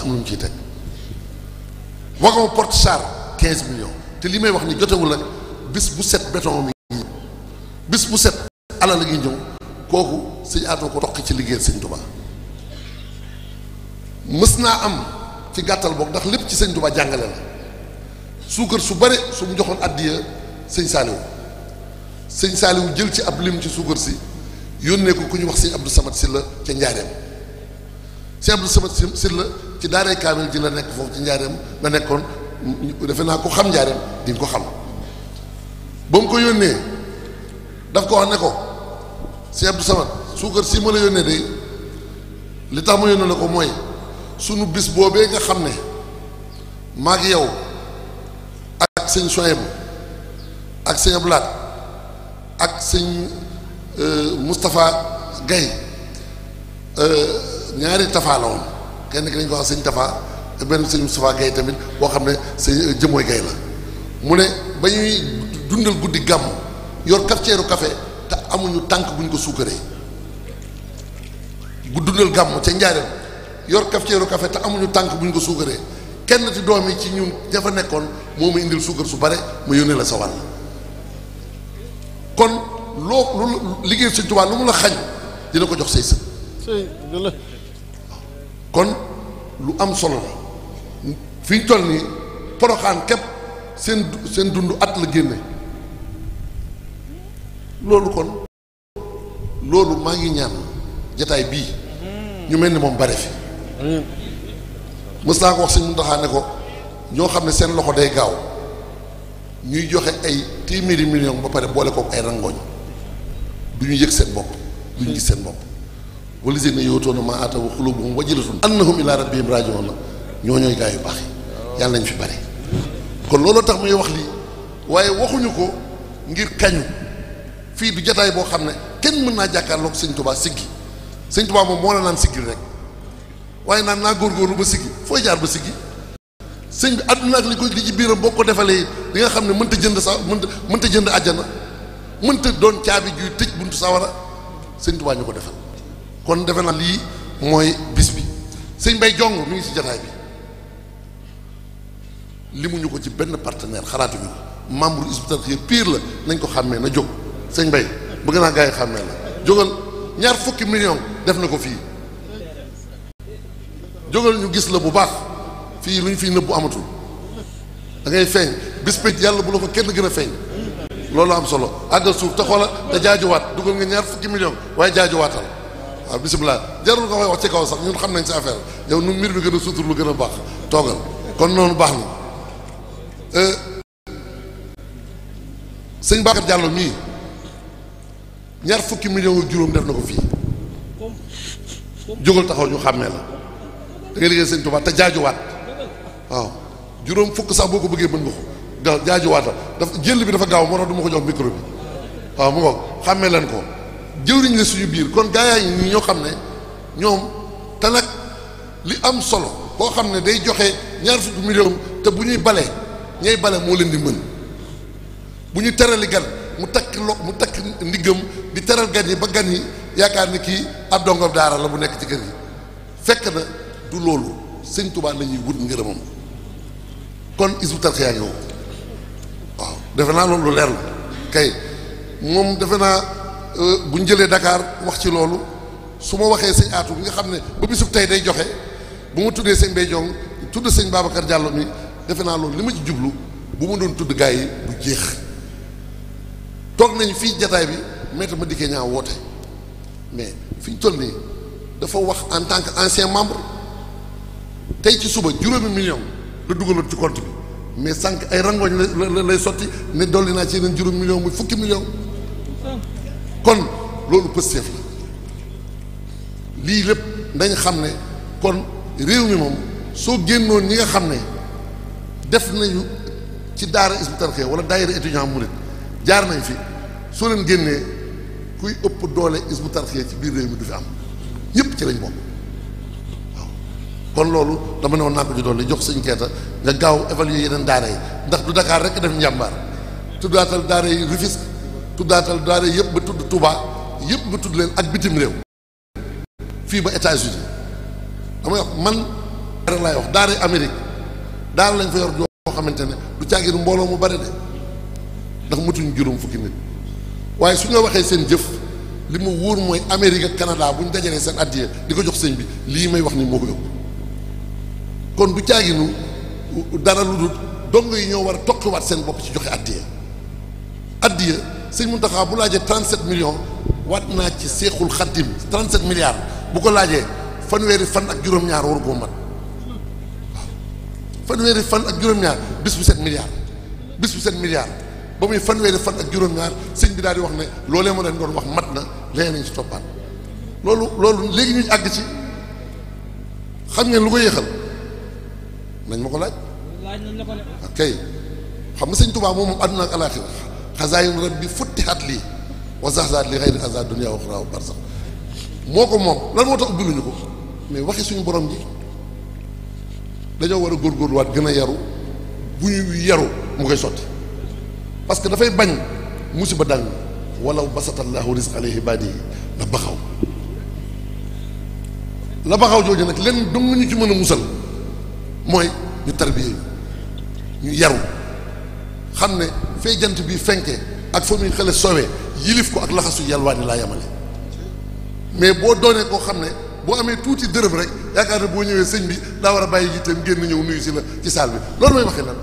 wagon porte char 15 millions te li may wax ni jotewul nag bis bu set béton mi ngi bis bu set alal la ngi ñëw kooku sëñ aatoo ko toq ci liggéeyal sëñ Tuubaa mës naa am ci gàttal boog ndax lépp ci sëñ Tuubaa jàngale la suukar su bari su mu joxoon addiya sëñ Saaliwu sëñ Saaliwu jël ci ab lim ci suukar si yónnee ko ku ñu wax sëñ Abdou Samad la ci Njaareem sëñ Abdou Samad la ci daaray kaamil ji la nekk foofu ci Njaareem la nekkoon defe naa ko xam njaareem di nga ko xam ba mu ko yónnee daf ko wax ne ko si Abdou Samad suukar si ma la yónnee de li tax ma yónnee la ko mooy suñu bis boobee nga xam ne maag yow ak sëñ Soyebu ak sëñ Ablaat ak sëñ euh, Moustapha Gaye euh, ñaari tafaa la woon kenn ki dañ ko wax sëñ tafaa benn sëñ Moustapha Gaye tamit boo xam ne sa jëmooy Gaye la mu ne ba ñuy dundal guddi gàmm yor cafetière kafe te amuñu tànk bu ñu ko suukaree bu gàmm ca njaareem yor cafetière café te amuñu tànk bu ko suukaree kenn ci doom yi ci ñu ña fa nekkoon moo indil suukar su bare mu yónnee la sa kon loo liggéey Sëñ Tuubaa lu mu la dina ko jox say kon lu am solo la fi ñu toll nii poroxaan képp seen seen dund at la génne loolu kon loolu maa ngi ñaan jataay bii ñu mel ni moom bare fi mës naa ko wax sëñ Muntaxa ko ñoo xam ne seen loxo day gaaw ñuy joxe ay téeméeri million ba pare boole ko ay rangooñ du ñu yëg seen bopp du ñu gis seen bopp wala seen ne yow toona maa aataw na wajilatun annahum ilaa rabbihim raaji'uun la ñoo ñooy gaa yu baax yi yàlla nañ fi bari kon looloo tax muy wax lii waaye waxuñu ko ngir kañu fii du jataay boo xam ne kenn mën naa jàkkaarloog sëñ tubaa siggi sëñ tubaa naan siggil rek waaye naan naa góorgóorlu ba siggi fooy jaar ba siggi sëñ bi àdduna ak li koy li ci biiram boo ko defalee li nga xam ne mënta jënd sa mënta mënta jënd àjjana mënta doon caabi juy tëj buntu sawara sëñ tubaa ñu ko defal kon defe na lii mooy bis bi sëñ bay jong mi ngi si jataay bi limuñu ko ci benn partenaire xalaatuñu ko membre Hizbut Tarqiyyah pire la nañ ko xàmmee na jóg sëñ Bay bëgg naa gars yi xàmmee la jógal ñaar fukki million def na ko fii jógal ñu gis la bu baax fii luñ fiy nëbbu amatul da ngay feeñ bis pëj yàlla bu la ko kenn gën a feeñ loolu am solo àggal suuf te xoola te jaajuwaat dugal nga ñaar fukki million waaye jaajuwaatal waaw bisimilah jarul nga koy wax ci kaw sax ñun xam nañ sa affaire yow nu mbir bi gën a lu gën a baax toogal kon noonu baax na Euh, sëñ Bakar jàlloo mii ñaar fukki million ak juróom def na ko fii jógal taxaw ñu xàmmee la da ngay liggéey sëñ Tuubaa te jaajuwaat waaw juróom fukk sax boo ko bëggee mën nga ko jaajuwaat la dafa jël bi dafa gaaw moo tax ko jox micro bi waaw mu ko xàmmee leen ko jëwriñ la suñu biir kon gaayaay ñi ñoo xam ne ñoom te nag li am solo koo xam ne day joxe ñaar fukki million te bu ñuy balee ñay bale moo leen di mën bu ñu terali gan mu takk lo mu takk ndiggam di teral gan yi ba gan yi yaakaar ni kii ab dongom daara la bu nekk ci kër gi fekk na du loolu sëñ Tuubaa la ñuy wut ngërëmam kon Hizbut Tarqiyyah ngi woo waaw defe naa loolu lu leer la kay moom defe naa euh, bu ñu jëlee Dakar wax ci loolu su ma waxee sëñ aatu bu nga xam ne ba bisu tey day joxe bu ma tuddee sëñ Mbaye Diong tudd sëñ Babacar Diallo mi defe naa loolu li ma ci jublu bu ma doon tudd gars yi bu jeex toog nañu fii jataay bi ma Madické Niang woote mais fi ñu toll nii dafa wax en tant que ancien membre tey ci suba juróomi million la dugaloon ci compte bi mais sànq ay rangoñ la lay sotti ne dolli naa ci yeneen juróomi million muy fukki million kon loolu pësteef la lii lépp dañ xam ne kon réew mi moom soo génnoon ñi nga xam ne def nañu ci daara Hizbut Tarqiyyah wala daayira étudiant murid jaar nañ fi soo leen génnee kuy ëpp doole Hizbut Tarqiyyah ci biir réew mi du fi am ñëpp ci lañ bokk kon loolu dama ne woon naa ko ci jox sëñ keeta nga gaaw évaluer yeneen daara yi ndax du Dakar rek def njàmbaar tuddaatal daara yi Rufisque tuddaatal daara yi yëpp ba tudd Touba yëpp ba tudd leen ak bitim réew fii ba États-Unis damay wax man daara lay wax daara Amérique daal lañ fa yor joo xamante ne du caagir mbooloo mu bari de ndax mutuñ juróom fukki nit waaye su ñu waxee seen jëf li mu wóor mooy Amérique ak Canada bu ñu dajalee seen addiya di ko jox sëñ bi lii may wax ni moo ko yóbbu kon du caaginu dara lu dong yi ñoo war a toqiwaat seen bopp ci joxe addiya addiya sëñ Muntaxa bu laajee 37 million waat naa ci seexul xaddim 37 milliards bu ko laajee fanweeri fan ak juróom-ñaar waru koo mat fanweeri fan ak juróom-ñaar bis bu set milliard bis bu set milliard ba muy fanweeri fan ak juróom-ñaar sëñ bi daal di wax ne loolee ma leen doon wax mat na leneen nañ ci toppaat loolu loolu léegi ñu àgg ci xam ngeen lu ko yéexal nañ ma ko laaj. laaj nañ la ko xam nga sëñ Tuubaa moom moom àdduna ak alaaxira xazaayin rabbi futtihat lii wa zahzaat li xayri azaa dunya wa uxraa wa barzax moo ko moom lan moo tax ubbiluñu ko mais waxi suñu borom ji. dañoo war a góor góorgóorluwaat gën a yaru bu ñu yaru mu koy sotti parce que dafay bañ musiba dàng walaw basatallahu rizq ala ibadihi la baxaw la baxaw jooju nag lenn dong ñu ci mën a musal mooy ñu tarbiyee ñu yaru xam ne fay jant bi fenke ak fa muy xale soowee yilif ko ak laxasu yalwaani laa yamale mais boo doonee koo xam ne boo amee tuuti dërëm rek yaakaar ne boo ñëwee sëñ bi daa war a bàyyi yitteem génn ñëw nuyu si la ci saal bi loolu may waxee lan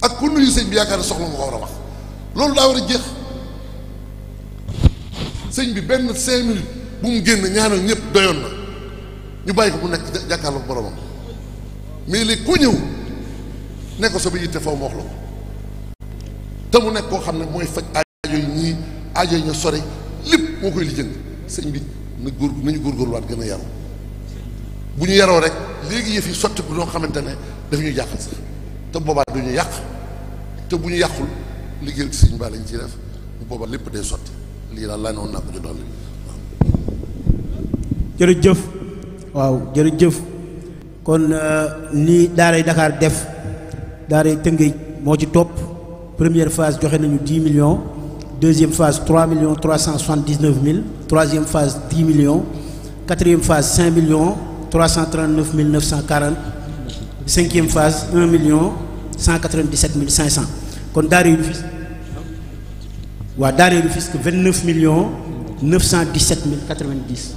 ak ku nuyu sëñ bi yaakaar ne soxla nga ko war a wax loolu daa war a jeex sëñ bi benn cinq minutes bu mu génn ñaanal ñëpp doyoon na ñu bàyyi ko mu nekk jàkkaarloog boromam mais léegi ku ñëw nekk ko sama yitte faw ma wax la ko te mu nekk koo xam ne mooy faj aajo yi ñii aajo ñu sori lépp moo koy lijjanti sëñ bi na góor nañu góorgóorluwaat gën a yaru bu ñu yaroo rek léegi yëf yi sotti ko loo xamante ne daf ñu jàqal sax te boobaat du ñu yàq te bu ñu yàqul liggéeyal ci sëñ Ba lañ ciy def bu boobaa lépp day sotti lii daal laa ne woon naa ko ci dolli jërëjëf waaw jërëjëf kon euh, ni daaray Dakar def daaray Tëngéej moo ci topp première phase joxe nañu 10 million deuxième phase 3 millions 379 000, troisième phase 10 millions, quatrième phase 5 millions 339 940, cinquième phase 1 million 197 500. Quand Daaru Rufisque 29 millions 917 090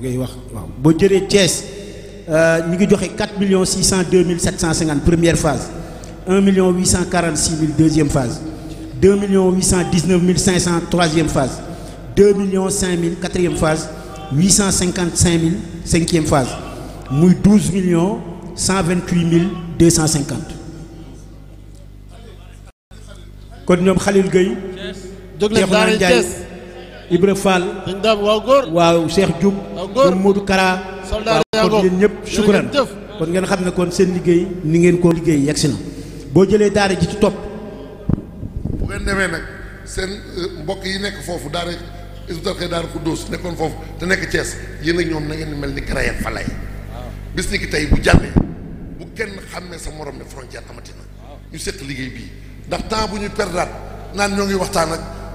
ngay wax 4 602 750 première phase 1 846 000, deuxième phase 2 819 500 troisième phase 2 millions 000, quatrième phase 855 000, cinquième phase muy 12 millions 128 250. kon ñoom Khalil Gueye. Ibra Fall. dañ daam waaw góor. waaw Cheikh Diouf. waaw góor moom Modou Kara. waaw kon yéen ñëpp sukkuraan kon ngeen xam ne kon seen liggéey ni ngeen ko liggéey yegg si na boo jëlee daara ji ci topp. bu ngeen demee nag seen euh, mbokk yi nekk foofu daara Hizbut-Tarqiyyah daara Xuddoos nekkoon foofu te nekk Thiès yéen ak ñoom na ngeen mel ni Garayeen Falay. bis ni ki tey bu jàllee bu kenn xàmmee sa morom ne frontière amati na ñu seq liggéey bii ndax temps bu ñu perdaat ñoo waxtaan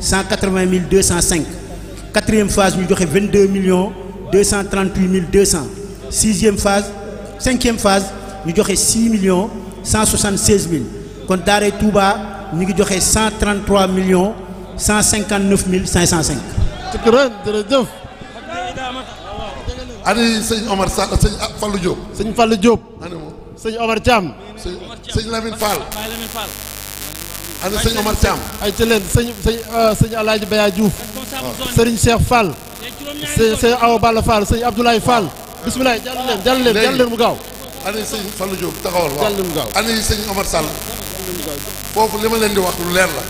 180 205 quatrième phase nous 22 millions 238 200 sixième phase cinquième phase nous 6 millions 176 000 kon Daaray tout bas nous 133 millions 159 505. ana sëñ Omar Thiam ay ci leen sëñ sëñ euh, sëñ Alaaji Baya Diouf sëriñ Cheikh Fall sëñ Awa Balla Fall sëñ Abdoulaye Fall bisimilah jàll leen jàll leen mu gaaw ana sëñ Fallou Diop taxawal waaw jàll leen mu gaaw ana Omar Sall foofu li ma leen di wax lu leer la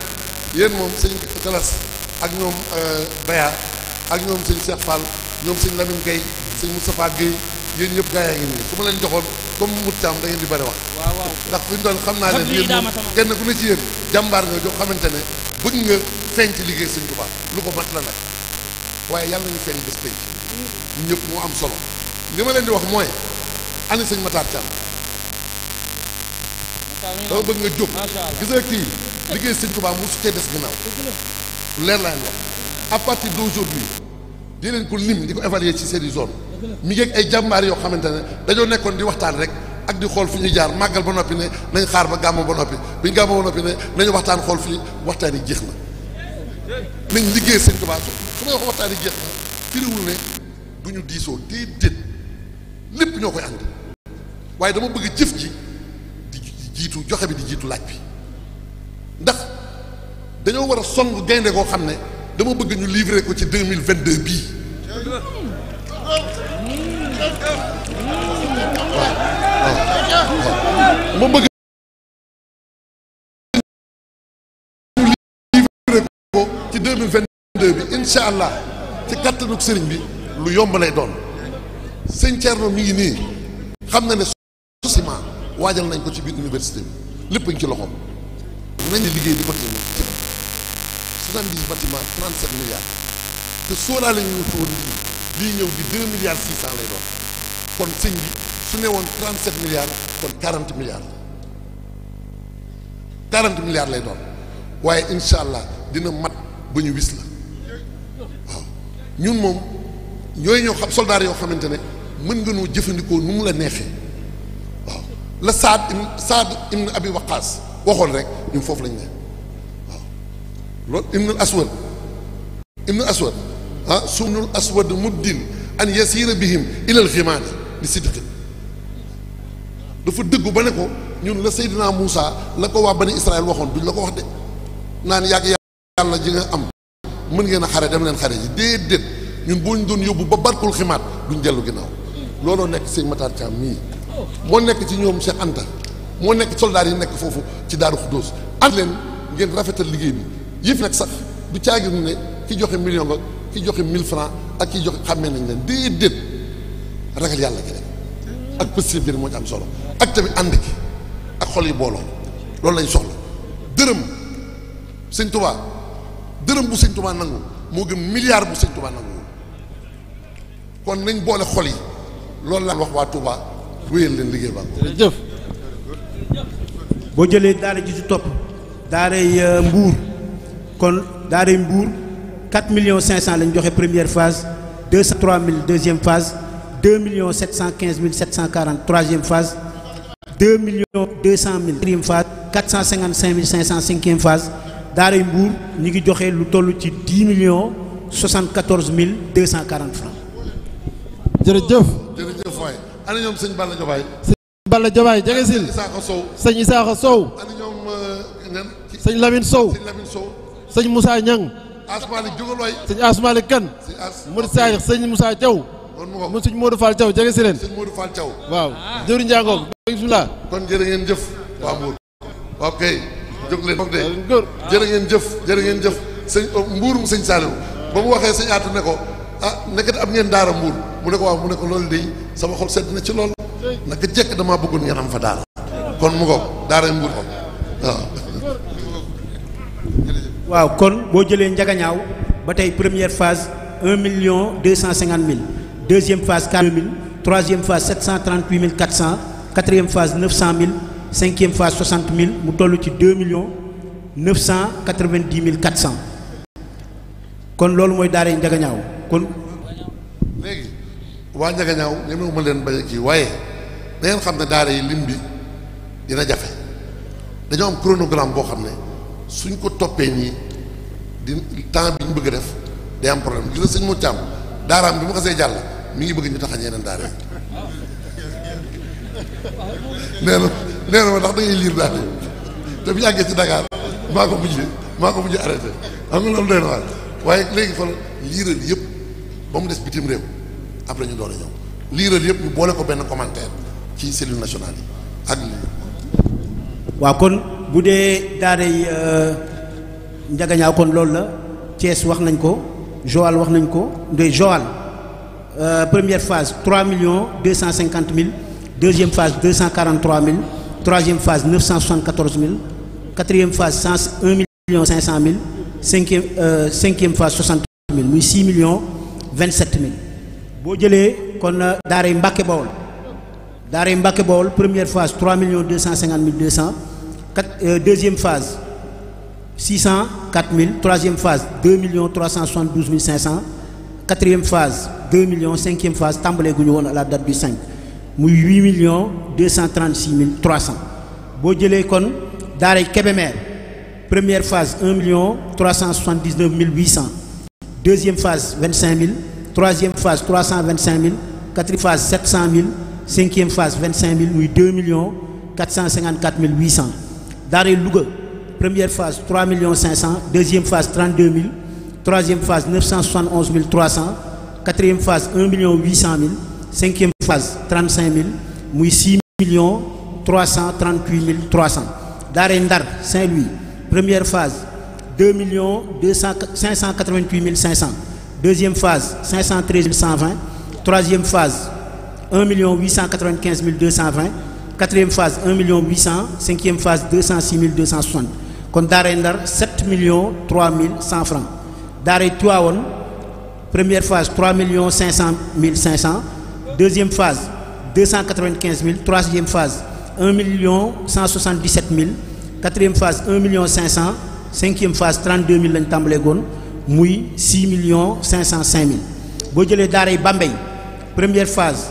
yéen moom sëñ Galas ak ñoom euh, Baya ak ñoom sëñ Cheikh Fall ñoom sëñ Lamine Gueye sëñ Moustapha Gueye yéen ñëpp gaa yaa ngi nii ku ma leen joxoon comme Mout Thiam da ngeen di bëri wax. ndax fi ñu doon xam naa leen yéen moom kenn ku ne ci yéen jàmbaar nga joo xamante ne bëgg nga feeñ ci liggéey Sëñ Tuubaa lu ko mat la nag waaye yàlla nañu feeñ bés penc ñëpp moo am solo li ma leen di wax mooy ani sëñ Matar Thiam dama bëgg nga jóg gis liggéey Sëñ Tuubaa mosu cee des ginnaaw leer laa leen wax à partir d'aujourd'hui di leen ko lim di ko évaluer ci seen i zone ميجي اي جامار يو خامتاني داجو نيكون دي وقتان ريك اك دي خول فيني جار ماغال با نوبي ني ناي خار با غامو با نوبي بي غامو با نوبي ناي وقتان خول في وقتاني جيخنا من ليغي سين توبا سو ما وقتاني جيخنا فيرول ني بونو ديسو دي ديت ليب نيوكاي اند واي داما بغي جيف جي دي جيتو جوخه بي دي جيتو لاج بي ndax dañu wara song gaynde ko xamne dama bëgg ñu livrer ko ci 2022 bi waaw waaw ci 2022 bi incha allah ci kattanug sëriñ bi lu yomb lay doon sëñ Thierno mi ngi nii xam na ne sosiment waajal nañ ko ci biir université lépp ngi ci loxoom nañ la liggéey di bâtiment ci 70 bâtiment 37 milliards te sóoraale ñu tuwoon lii lii ñëw di 2 milliards 600 lay doon kon sëñ bi su ne woon 37 kon 40 milliards la 40 milliards lay doon waaye incha allah dina mat ba ñu wis la waaw ñun moom ñooy ñoo xam soldaar yoo xamante ne mën nga noo jëfandikoo nu mu la neexee waaw la Saad ibn Saad ibn Abi Waqaas waxoon rek ñun foofu lañ ne waaw loolu ibn al ibn al سمن الأسود مدين أن يسير بهم إلى الغمان بصدق دفو دغ بانيكو نيون لسيدنا موسى لاكو وا بني اسرائيل واخون دوج لاكو واخ دي نان ياك يالا جيغا ام من غينا خاري دم نين خاري ديدت نيون بو ندون يوبو با باركول خيمات دون ديلو غيناو لولو نيك سي متار تام مي مو نيك سي نيوم سي انت مو نيك سولدار يي نيك فوفو سي دار خدوس ان لين غين رافيتال ليغي بي يف نيك صاح كي جوخي مليون ki joxe 1000 francs ak ki joxe xàmmee nañ leen déedéet ragal yàlla gi ak pëstéef bi moo ci am solo ak tamit ànd gi ak xol yi booloo loolu lañ soxla dërëm sëñ Tuubaa dërëm bu sëñ Tuubaa nangu moo gën milliard bu sëñ Tuubaa nangu kon nañ boole xol yi loolu laa wax waa Touba wéyal leen liggéey ba jërëjëf boo jëlee daara ji ci topp daaray euh, mbuur kon daaray mbuur 4 500 000 joxe première phase 203 000 deuxième phase 2 715 740 troisième phase 2 200 000 quatrième phase 455 500 cinquième phase Darimbour, Mbuur ñu 10 millions 74 240 francs. Balla Balla Sow euh, Lamine Asmalik jógal waay sëñ Asmalik kan Modou Sadio sëñ musaa Thiaw mu sëñ Modou Fall Thiaw jege si leen sëñ Modou Fall Thiaw waaw jëwri njàngoog bismillah kon jërë ngeen jëf waa ngeen jëf jërë jëf sëñ oh, Mbour mu sëñ Saliou ba mu waxee sëñ Atou ne ko ah nekkati am ngeen daara Mbour mu ne ko waaw mu ne ko loolu de sama xol sedd na ci lool naka jekk damaa bëggoon ngeen am fa daara kon mu ngoog daara Mbour waaw Wow, Quand on a gagné, la première phase 1 million 250 000, deuxième phase est 000, troisième phase 738 400, quatrième phase 900 000, cinquième phase 60 000, la deuxième phase de 2 990 400. Quand on a gagné, on a gagné. Quand on a gagné, on a gagné. Quand on a a gagné. Quand on a gagné, on a gagné. Quand on a gagné, on a gagné. Quand on a gagné, on a gagné. Quand suñ ko toppee nii di temps bi ñu bëgg a def day am problème gis nga sëñ Mor Thiam daaraam bi mu xasee jàll mi ngi bëgg ñu taxañ yeneen daara yi nee na nee ndax da ngay liir daal te bu yàggee ci Dakar maa ko mujj maa ko mujj arrêté xam nga loolu doy na waaye léegi fan liiral yëpp ba mu des bitim réew après ñu door a ñëw liiral yëpp ñu boole ko benn commentaire ci cellule national yi ak lii waaw kon Boudé dee daaray euh, njagañaaw kon loolu la Thiès wax nañ ko Joal wax nañ ko Joal euh, première phase 3 250 000, deuxième phase 243 000, troisième phase 974 000 quatrième phase 1 500 000, cinquième euh, cinquième phase 60 000, muy 6 millions 27 000 boo jëlee kon première phase 3 250 200 euh, deuxième phase, 600 4000, Troisième phase, 2 372 500. Quatrième phase, 2 millions. Cinquième phase, Tambalé à la date du 5. 8 236 300. Bodjele Kon, Daré Kebemer. Première phase, 1 379 800. Deuxième phase, 25 000. Troisième phase, 325 000. Quatrième phase, 700 000. Cinquième phase, 25 000. 2 454 800. Daré Louga première phase 3 millions 500 deuxième phase 32 000 troisième phase 971 300 quatrième phase 1 million 800 000 cinquième phase 35 000 6 millions 338 300 Daara Ndar Saint-Louis première phase 2 millions 588 500 deuxième phase 513 120 troisième phase 1 million 895 220 quatrième phase 1 million 800 cinquième phase 206 260 kon 7 millions 3 100 francs première phase 3 millions 500 500 deuxième phase 295 000 troisième phase 1 million 177 000. quatrième phase 1 million 500 cinquième phase 32 000 lañ Mouy 6 millions 505 000. boo jëlee première phase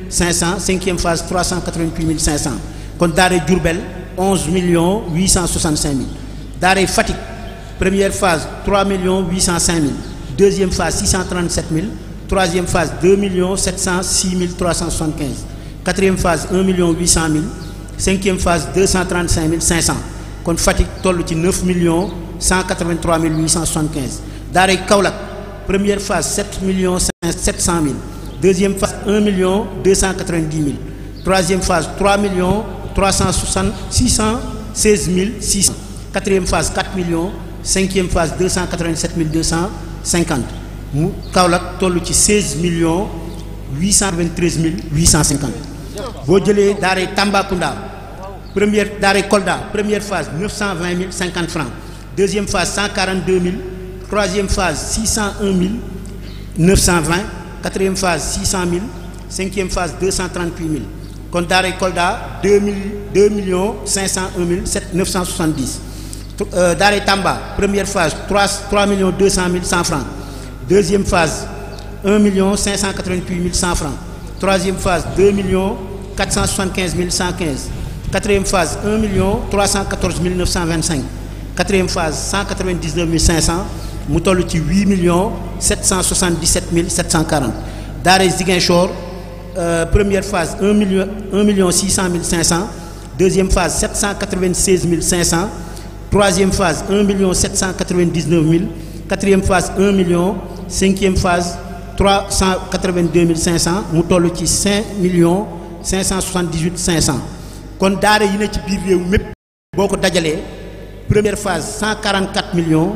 500 e phase 388 500 contre Daré Durbel 11 865 000. Daré Fatik, première phase 3 805 000, deuxième phase 637 000, troisième phase 2 706 375 quatrième phase 1 million 800 000, cinquième phase 235 500 contre Fatik Toluti 9 183 875 Daré Kaulak, première phase 7 700 000 deuxième phase 1 million 290 000 troisième phase 3 millions 360 616 600 quatrième phase 4 millions cinquième phase 287 250 mu 16 millions 823 850 boo jëlee Tambakunda. première daaree Kolda première phase 920 50 francs deuxième phase 142 000 troisième phase 601 920 quatrième phase 600 000, cinquième phase 238 000. Compte d'arrêt Colda 2 501 970. d'arrêt Tamba, première phase 3, 200 100 francs. Deuxième phase 1 588 100 francs. Troisième phase 2 475 115. Quatrième phase 1 314 925. Quatrième phase 199 500 nous 8 777 740. Dare Ziguinchor, euh, première phase 1, million, 600 500. Deuxième phase 796 500. Troisième phase 1 799 000. Quatrième phase 1 million. Cinquième phase 382 500. Nous 5 578 500. Quand Dare première phase 144 millions.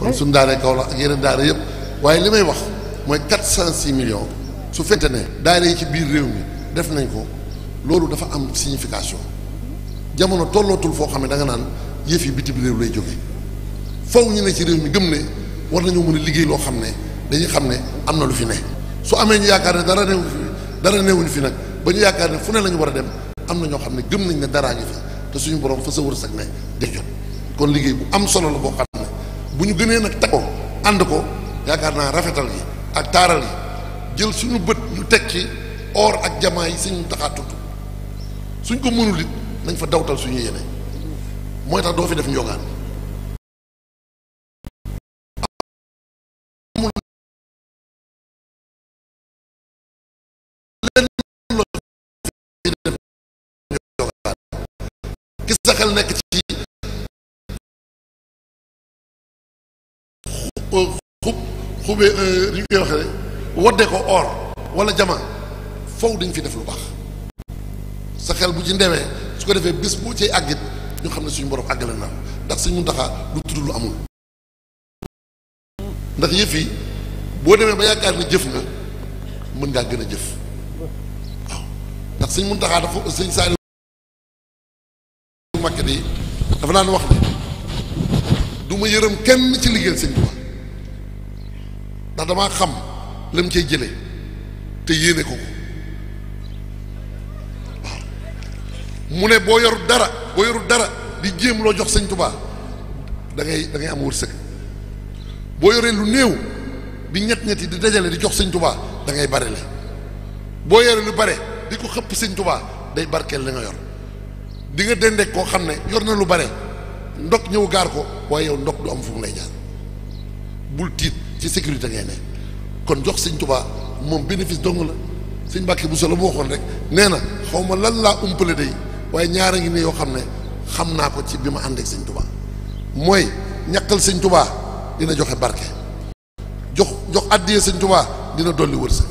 kon suñ daara Kaolack ak yeneen daara yëpp waaye li may wax mooy quatre cent six millions su fekkee ne daara yi ci biir réew mi def nañ ko loolu dafa am signification jamono tollootul foo xam ne danga nga naan yëf yi bitim réew lay jógee faw ñu ne ci réew mi gëm ne war nañoo mën a liggéey loo xam ne dañuy xam ne am na lu fi ne su amee ñu yaakaar ne dara newuñ fi dara fi nag ba ñu yaakaar ne fu ne la war a dem am na ñoo xam ne gëm nañ ne daraa ngi fi te suñu borom fa sa ne day kon liggéey bu am solo la boo xam bu ñu gënee nag takko ànd ko yaakaar naa rafetal yi ak taaral yi jël suñu bët ñu teg ci or ak jamaa yi suñu taxaa tudd suñ ko mënul it nañ fa dawtal suñu yéene mooy tax doo fi def njogaan loo ki sa xel nekk xub xubee euh, li wadde ko or wala jama foofu dañ fi def lu baax sa xel bu ci ndewee su ko defee bés boo cay àggit ñu xam ne suñu borom àgg naa ndax suñu muntaxaa lu tudd lu amul ndax yëf boo demee ba yaakaar ne jëf na mën ngaa gën a jëf waaw ndax suñ muntaxaa dafa sëñ saali màkkat yi dafa naan wax ne du ma yërëm kenn ci liggéeyal sëñ Tuubaa ndax damaa xam la mu cay jële te yéene ko ko waaw mu ne boo yoru dara boo yoru dara di jéem loo jox sëñ tubaa dangay ngay da ngay am wërsëg boo yoree lu néew di ñett ñetti di dajale di jox sëñ tubaa da ngay bare le boo yoree lu bare di ko xëpp sëñ tubaa day barkeel li nga yor di nga dendeek koo xam ne yor na lu bare ndox ñëw gaar ko waaye yow ndok du am fu lay jaar bul tiit ci sécurité ngay ne kon jox sëñ tubaa moom bénéfice dong la sëñ Mbàkke bu solo mu waxoon rek nee na xaw ma lan laa umpale day waaye ñaara ngi ne yoo xam ne xam naa ko ci bi ma àndeek ak tubaa mooy ñàkkal sëñ tubaa dina joxe barke jox jox addiyee sëñ tubaa dina dolli wërsëg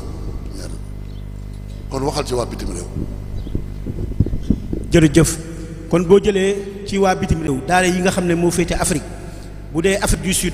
kon waxal ci waa bitim réew jërëjëf kon boo jëlee ci waa bitim réew daara yi nga xam ne moo féete Afrique bu dee Afrique du Sud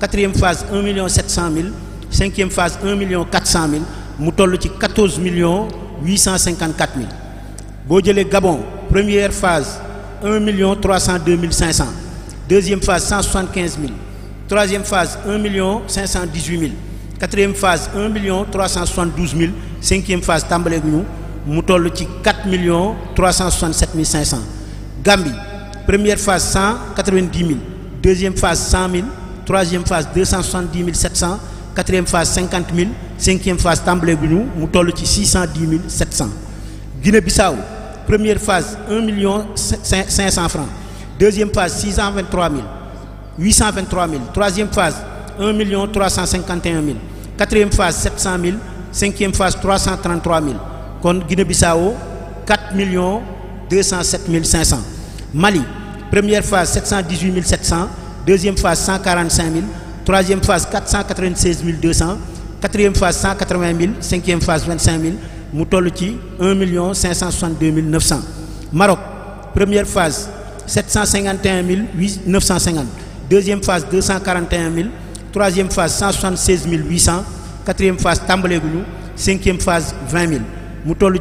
quatrième phase 1 million 700 000 cinquième phase 1 million 400 000 Mouton 14 millions 854 000 boo Gabon première phase 1 million 302 500 deuxième phase 175 000 troisième phase 1 million 518 000 quatrième phase 1 million 372 000 cinquième phase tàmbaleeg Mouton 4 millions 367 500 Gambie première phase 190 000 deuxième phase 100 000 troisième phase 270 700 quatrième phase 50 000 cinquième phase tamblé Gounou, Moutolotti 610 700 Guinée-Bissau première phase 1 500 francs deuxième phase 623 000 823 000 troisième phase 1 351 000 quatrième phase 700 000 cinquième phase 333 000 kon Guinée-Bissau 4 207 500 Mali première phase 718 700 deuxième phase 145 000 troisième phase 496 200 quatrième phase 180 000 cinquième phase 25 000 mouton 1 562 900 Maroc première phase 751 950 deuxième phase 241 000 troisième phase 176 800 quatrième phase tàmbaleeguñu cinquième phase 20 000 mouton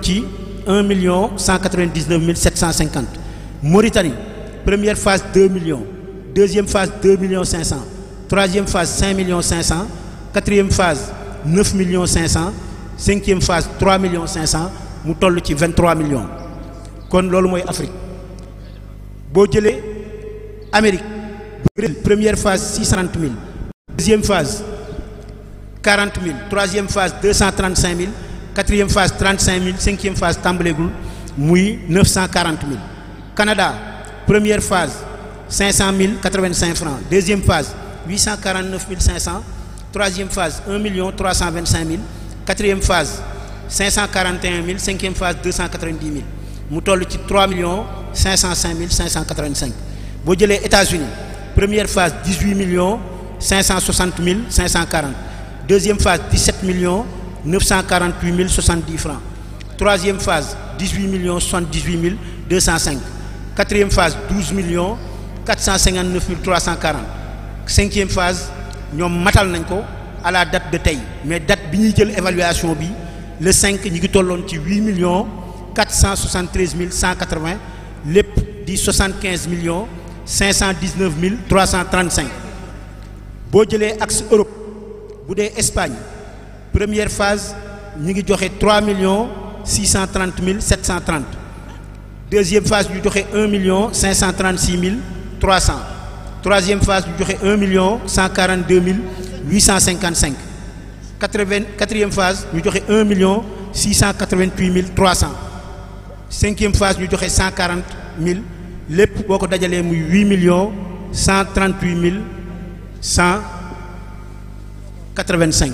1 199 750 Mauritanie première phase 2 millions deuxième phase 2 millions 500 troisième phase 5 millions 500 quatrième phase 9 millions 500 cinquième phase 3 millions 500 mu toll ci 23 millions kon lolu Afrique bo Amérique première phase 630 000 deuxième phase 40 000 troisième phase 235 000 quatrième phase 35 000 cinquième phase tàmbaleegul Mouy 940 000 Canada première phase. 500 000 85 francs deuxième phase 849 500 troisième phase 1 million 325 000 quatrième phase 541 000 cinquième phase 290 000 Mouton le type, 3 millions 505 585 boo États-Unis première phase 18 millions 560 540 deuxième phase 17 millions 948 070 francs troisième phase 18 millions 78 205 quatrième phase 12 millions 459 340 cinquième phase nous matal nañ à la date de taille. mais date bi évaluation le 5 ñi ngi 8 millions 473 180 les di 75 millions 519 335 boo axe Europe Boudé Espagne première phase nous ngi 3 millions 630 730 deuxième phase ñu joxé 1 million 536 000. 300. Troisième phase, du 1 142 855. Quatrième phase, du aurez 1 688 300. Cinquième phase, du durée 140 000. L'EP, 8 138 185.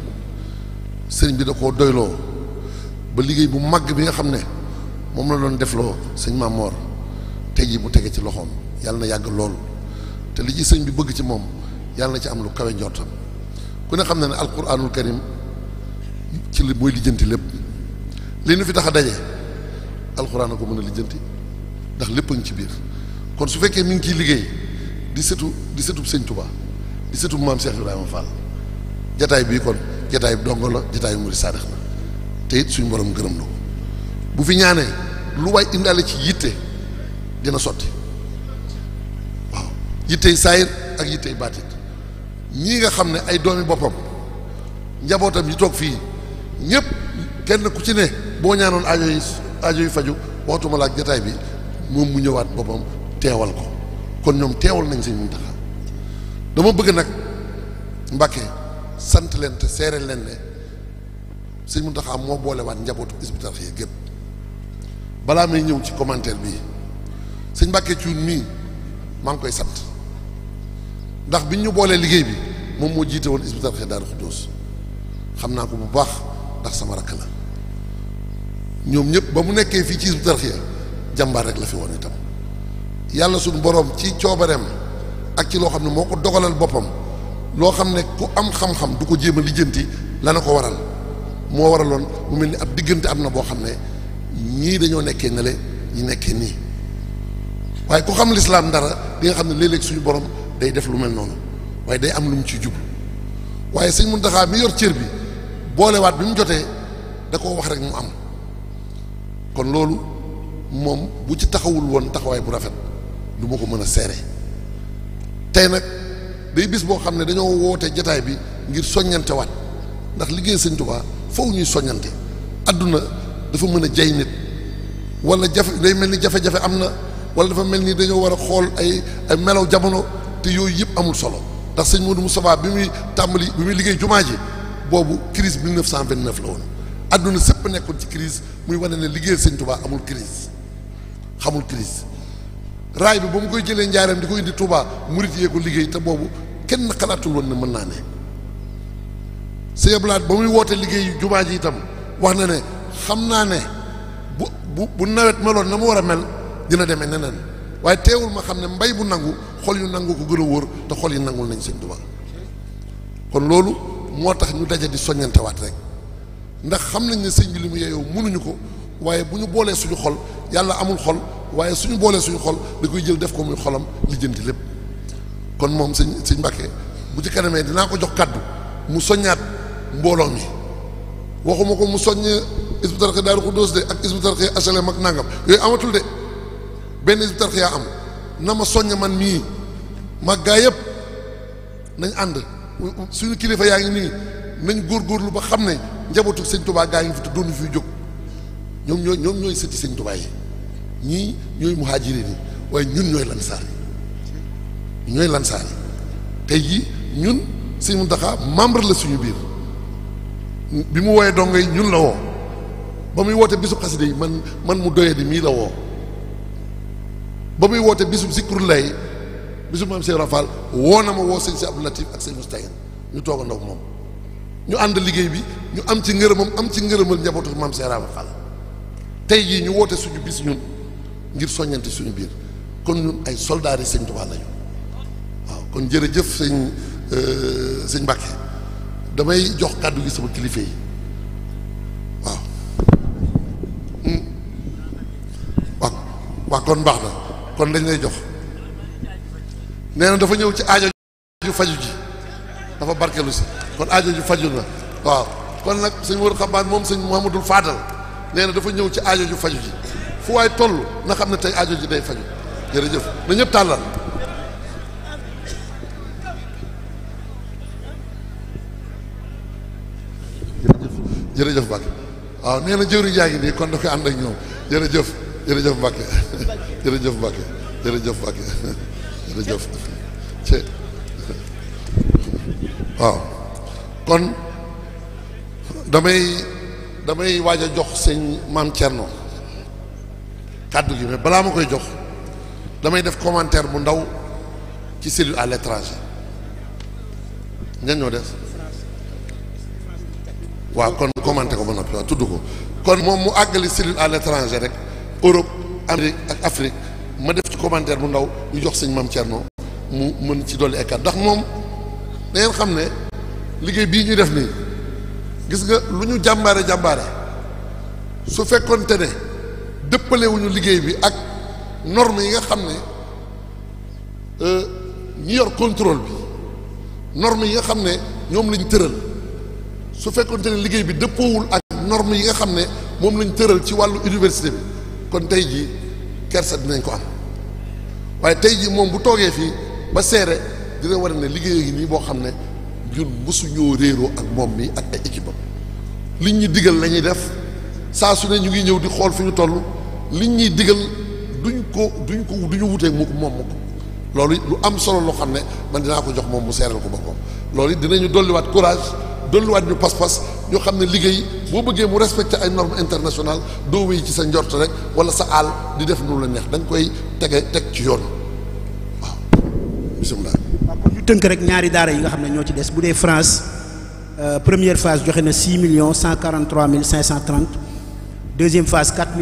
sëriñ bi da koo doyloo ba liggéey bu màgg bi nga xam ne moom la doon def loo sëñ Maam Mor tey jii bu tege ci loxoom yàlla na yàgg lool te li ci sëñ bi bëgg ci moom yàlla na ci am lu kawe njortam ku ne xam ne ne alquranul karim ci li mooy lijjanti lépp li nu fi tax a daje alquran a ko mën a lijjanti ndax lépp a ci biir kon su fekkee mi ngi ciy liggéey di sëtu di sëtub sëñ Touba di sëtub maam Cheikh Ibrahima Fall jataay bii kon jataay bi dongo la jataay bi murid saadix la te suñ suñu borom gërëm na bu fi ñaanee lu waay indaale ci yitte dina sotti waaw yittey saayir ak yittey baatit ñii nga xam ne ay doomi boppam njabootam yi toog fii ñëpp kenn ku ci ne boo ñaanoon aajo yi aajo faju waxtuma laak jataay bi moom mu ñëwaat boppam teewal ko kon ñoom teewal nañ sëñ Muntaxa dama bëgg nag Mbàkke sant leen te seere leen ne sëñ Muntaxa moo boolewaat njabootu Hizbut Tarqiyyah gépp balaa may ñëw ci commentaire bi sëñ Mbàkke Cuun mii maa ngi koy sant ndax biñ ñu boolee liggéey bi moom moo jiite woon Hizbut Tarqiyyah Daaru Xuddoos xam naa ko bu baax ndax sama rakk la ñoom ñëpp ba mu nekkee fii ci Hizbut Tarqiyyah jàmbaar rek la fi woon itam yàlla suñu boroom ci coobareem ak ci loo xam ne moo ko dogalal boppam loo xam ne ku am xam-xam du ko jéem a lijjanti la na ko waral moo waraloon mu mel ni ab diggante am na boo xam ne ñii dañoo nekkee nale ñi nekkee nii waaye ku xam lislaam dara di nga xam ne léeg suñu borom day def lu mel noonu waaye day am lu mu ciy jub waaye sëñ Muntaxa mi yor cër bi boolewaat bi mu jotee da koo wax rek mu am kon loolu moom bu ci taxawul woon taxawaay bu rafet du ma ko mën a seere tey nag day bis boo xam ne dañoo woote jataay bi ngir soññante waat ndax liggéey sëñ Tuubaa foofu ñuy soññante adduna dafa mën a jay nit wala jafe day mel ni jafe-jafe am na wala dafa mel ni dañoo war a xool ay ay melaw jamono te yooyu yëpp amul solo ndax sëñ mu Moustapha bi muy tàmbali bi muy liggéey jumaa ji boobu crise 1929 la woon adduna sépp nekkoon ci crise muy wane ne liggéey sëñ Tuubaa amul crise xamul crise raay bi ba mu koy jëlee njaareem di ko indi Touba murit yee ko liggéey te boobu kenn xalaatul woon ne mën naa ne Sëñ ba muy wootee liggéey jumaa ji itam wax na ne xam naa ne bu bu nawet meloon na mu war a mel dina demee neneen waaye teewul ma xam ne mbay bu nangu xol yu nangu ko gën a wóor te xol yi nangul nañ Sëñ Touba kon loolu moo tax ñu daje di soññantewaat rek ndax xam nañ ne sëñ bi li mu yeyoo mënuñu ko waaye bu ñu boolee suñu xol yàlla amul xol waaye suñu boolee suñu xol da koy jël def ko muy xolam lijjanti lépp kon moom sëñ sëñ Mbàkke bu ci kanamee dinaa ko jox kàddu mu soññaat mbooloo mi waxuma ko mu soññ Hizbut Tarqiyyah Daaru Xudoos ak Hizbut Tarqiyyah HLM ak nangam yooyu amatul de benn Hizbut Tarqiyyah am na ma soññ man mii mag gaa yëpp nañ ànd suñu kilifa yaa ngi nii nañ góorgóorlu ba xam ne njabootu sëñ Tuubaa gaa ngi fi te doonu fiy jóg ñoom ñooy ñoom ñooy sëti sëñ Tuubaa yi ñii ñooy muhaajiriin yi waaye ñun ñooy lansaar yi ñooy lansaar yi tey jii ñun sëñ Muntaxa membre la suñu biir bi mu wooyee dongo yi ñun la woo ba muy woote bisu xasida yi man man mu doyee di mii la woo ba muy woote bisu zikrul lay bisu maam Cheikh Rafal woo na ma woo sëñ si Abdou Latif ak sëñ Mustahin ñu toog a ndaw moom ñu ànd liggéey bi ñu am ci ngërëmam am ci ngërëmal njabootu maam Cheikh Rafal tey jii ñu woote suñu bis ñun ngir soññante suñu biir kon ñun ay soldats yi sëñ Tuubaa lañu waaw kon jërëjëf sëñ euh, sëñ Mbàkke damay jox kàddu gi sama kilifa yi waaw hmm. waaw waaw kon baax na kon dañ lay jox nee na dafa ñëw ci aajo ju faju ji dafa barkelu si kon ajo ji faju na waaw kon nag sëñ Wóor Xabaan moom sëñ Muhammadul Faadal nee na dafa ñëw ci ajo ju faju ji fu waay toll na xam ne tey ajo ji day faju jërëjëf na ñëpp tàllal jërëjëf jërëjëf Mbacke waaw nee na jëwriñ yaa ngi nii kon dafay ànd ak ñoom jërëjëf jërëjëf Mbacke jërëjëf Mbacke jërëjëf Mbacke ci kon damay damay waaj a jox sëñ maam Thierno kàddu gi mais balaa ma koy jox damay def commentaire bu ndaw ci cellule à l'étranger ñan ñoo des waaw kon commenté ko ba noppi waaw tudd ko kon moom mu àggali cellule à l'étranger rek Europe Amérique ak Afrique ma def ci commentaire bu ndaw ñu jox sëñ maam Thierno mu mën ci dolli ekkat ndax moom da xam ne liggéey bii ñuy def nii gis nga lu ñu jàmbaare jàmbaare su fekkonte ne dëppalewuñu liggéey bi ak norme yi nga xam ne euh, ñi yor contrôle bi norme yi nga xam ne ñoom lañ tëral su fekkonte ne liggéey bi dëppoowul ak norme yi nga xam ne moom lañ tëral ci wàllu université bi kon tey jii kersa dinañ ko am waaye tey jii moom bu toogee fii ba seere dina war a liggéey yi nii boo xam ne ñun mosuñoo réeroo ak moom mi ak ay équipe liñ ñu digal lañuy def saa su ne ñu ngi ñëw di xool fi ñu toll liñ ñuy digal duñ ko duñ ko duñu wuteeg mu moom mu ko loolu lu am solo loo xam ne man dinaa ko jox moom mu seeral ko boppam loolu it ñu dolliwaat courage dolliwaat ñu pas-pas ñu xam ne liggéey boo bëggee mu respecté ay normes internationales doo wéy ci sa njort rek wala sa àll di def nu la neex da koy teg teg ci yoon waaw bisimilah. waaw ñu tënk rek ñaari daara yi nga xam ne ñoo ci des bu dee France. Euh, première phase 6 143 530 deuxième phase 4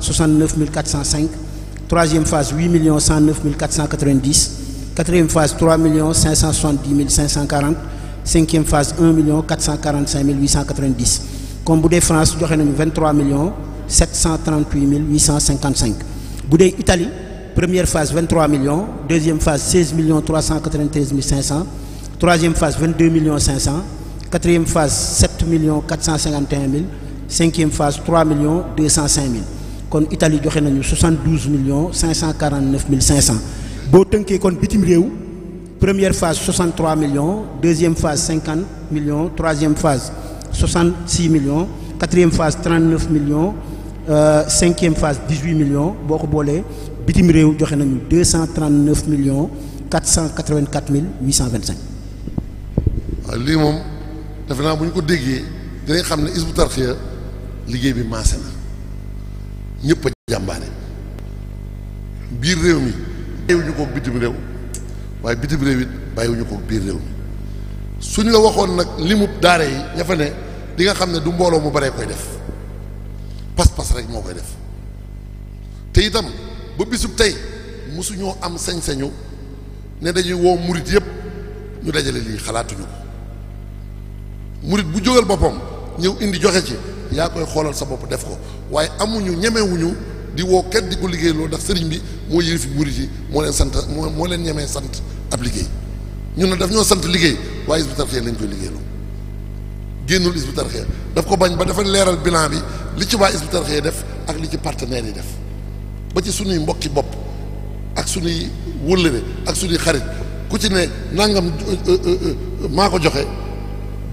169 405 troisième phase 8 109 490 quatrième phase 3 570 540 cinquième phase 1 445 890 comme bu France 23 738 855 bu Italie première phase 23 millions deuxième phase 16 393 500 troisième phase 22 500 quatrième phase 7 millions 451 000. cinquième phase 3 205 000. kon Italie joxe nañu 72 549 500 Botanke kon bitim première phase 63 millions deuxième phase 50 millions troisième phase 66 millions quatrième phase 39 millions 5 euh, cinquième phase 18 millions Borbole. bolé bitim 239 millions 484 825. defe naa bu ñu ko déggee dinañ xam ne Hizbut Tarqiyyah liggéey bi maase na ñëpp a jàmbaane biir réew mi bàyyiwuñu ko bitim réew waaye bitim réew it bàyyiwuñu ko biir réew mi suñ la waxoon nag limub daare yi ña fa ne di nga xam ne du mbooloo mu baree koy def pas-pas rek moo koy def te itam ba bisub tey mosuñoo am sañ-sañu ne dañuy woo murit yëpp ñu dajale lii xalaatuñu ko murit bu jógal boppam ñëw indi joxe ci yaa koy xoolal sa bopp def ko waaye amuñu ñemewuñu di woo ket di ko liggéey loolu ndax sëriñ bi moo yëlifi murit yi moo leen sant moo moo leen ñemee sant ab liggéey ñun nag daf ñoo sant liggéey waaye Hizbut Tarqiyyah nañ koy liggéeyloo génnul Hizbut Tarqiyyah daf ko bañ ba dafa leeral bilan bi li ci waa Hizbut Tarqiyyah def ak li ci partenaires yi def ba ci suñuy mbokki bopp ak suñuy wëllëre ak suñuy xarit ku ci ne nangam euh, euh, euh, maa ko joxe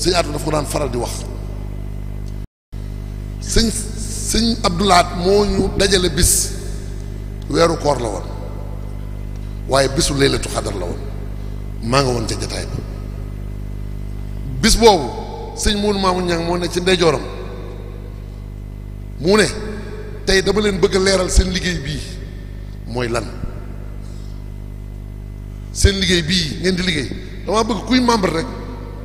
sëñ Atou dafa ko daan faral di wax sëñ sëñ Abdoulaat moo ñu dajale bis weeru koor la woon waaye bisu laylatu xadar la woon maa nga woon ca jataay bis boobu sëñ Mourou Mamou Niang moo ne ci ndeyjooram mu ne tey dama leen bëgg leeral seen liggéey bii mooy lan seen liggéey bii ngeen di liggéey dama bëgg kuy membre rek.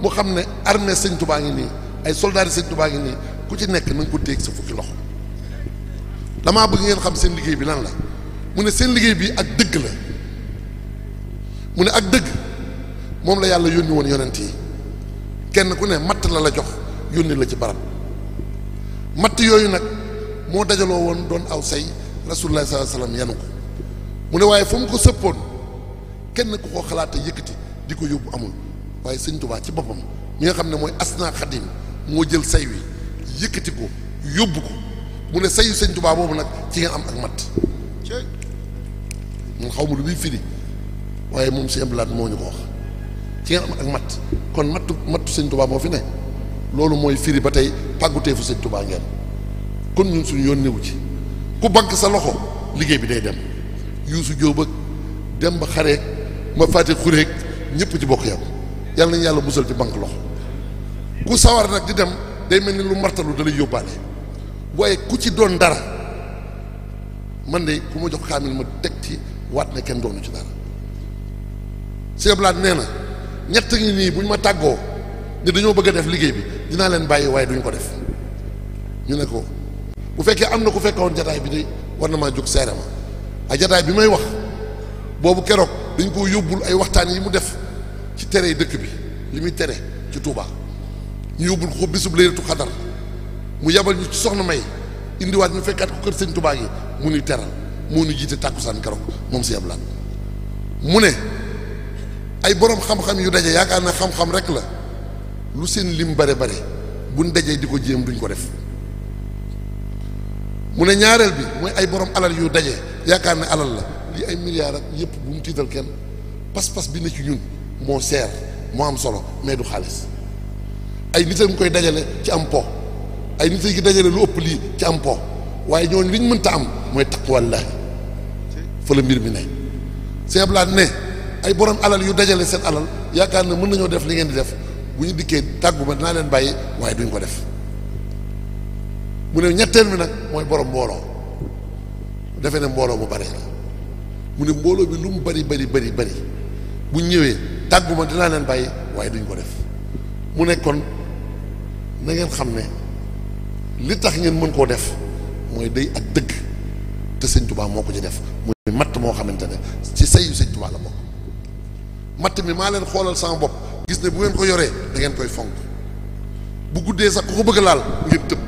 bu xam ne armée sëñ tubaa ngi nii ay soldats yi sëñ tubaa ngi nii ku ci nekk na nga ko téeg sa fukki loxo damaa bëgg ngeen xam seen liggéey bi lan la mu ne seen liggéey bi ak dëgg la mu ne ak dëgg moom la yàlla yónni woon yonent yi kenn ku ne matt la la jox yónni la ci barab matt yooyu nag moo dajaloo woon doon aw say rasulullah sallallahu alayhi wasallam yanu ko mu ne waaye fu mu ko sëppoon kenn ku ko xalaata yëkkati di ko yóbbu amul waaye sëñ Tuubaa ci boppam mi nga xam ne mooy asna xadim moo jël say wi yëkkati ko yóbbu ko mu ne sayu sëñ Tuubaa boobu nag ci nga am ak matt moom xaw ma lu muy waaye moom si emblaat moo ñu ko wax ci ak matt kon mattu mattu sëñ Tuubaa moo fi ne loolu mooy firi ba tey pàgguteefu sëñ Tuubaa ngeen kon ñun suñu yoon newu ci ku bank sa loxo liggéey bi day dem Yuusu Jóob ak dem ba xare ma fàtte xureeg ñëpp ci bokk yow yàlla nañu yàlla musal ci banque loxo ku sawar nag di dem day mel ni lu martalu da lay yóbbaale waaye ku ci doon dara man de ku ma jox kaamil ma teg ci waat ne kenn doonu ci dara Sèye Blane nee na ñett ngi nii bu ñu ma tàggoo ne dañoo bëgg a def liggéey bi dinaa leen bàyyi waaye duñ ko def ñu ne ko bu fekkee am na ku fekkoon jataay bi de war na maa jóg seere ma ay jataay bi may wax boobu keroog dañ koo yóbbul ay waxtaan yi mu def. ci tere yi dëkk bi li muy tere ci Touba ñu yóbbul ko bisub laylatu xadar mu yabal ñu soxna may indiwaat ñu fekkaat ko kër sëñ Touba gi mu nuy teral moo ñu jiite tàkkusaan keroog moom si yablaat mu ne ay borom xam-xam yu daje yaakaar na xam-xam rek la lu seen lim bare bare buñ dajee di ko jéem duñ ko def mu ne ñaareel bi mooy ay borom alal yu daje yaakaar ne alal la lii ay milliards ak yëpp bu mu tiital kenn pas-pas bi ne ci ñun moo seer moo am solo mais du xaalis ay nit a ngi koy dajale ci am po ay nit a ngi dajale lu ëpp lii ci am po waaye ñooñu li ñu mënta am mooy taqwallaahi fa la mbir mi ne seeb laa ne ay borom alal yu dajale seen alal yaakaar na mën nañoo def li ngeen di def bu ñu dikkee tàggu ma dinaa leen bàyyi waaye duñ ko def mu ne ñetteel mi nag mooy borom mbooloo defe ne mbooloo mu bari la mu ne mbooloo bi lu mu bari bari bari bari bu ñëwee tàgguma dinaa leen bàyyi waaye duñ ko def mu ne kon na ngeen xam ne li tax ngeen mën koo def mooy day ak dëgg te sëñ tubaa moo ko ci def muy matt moo xamante ne ci sayu sëñ tubaa la bokk matt mi maa leen xoolal sama bopp gis ne bu ngeen ko yoree da ngeen koy fonk bu guddee sax ku ko bëgg laal ngeen tëb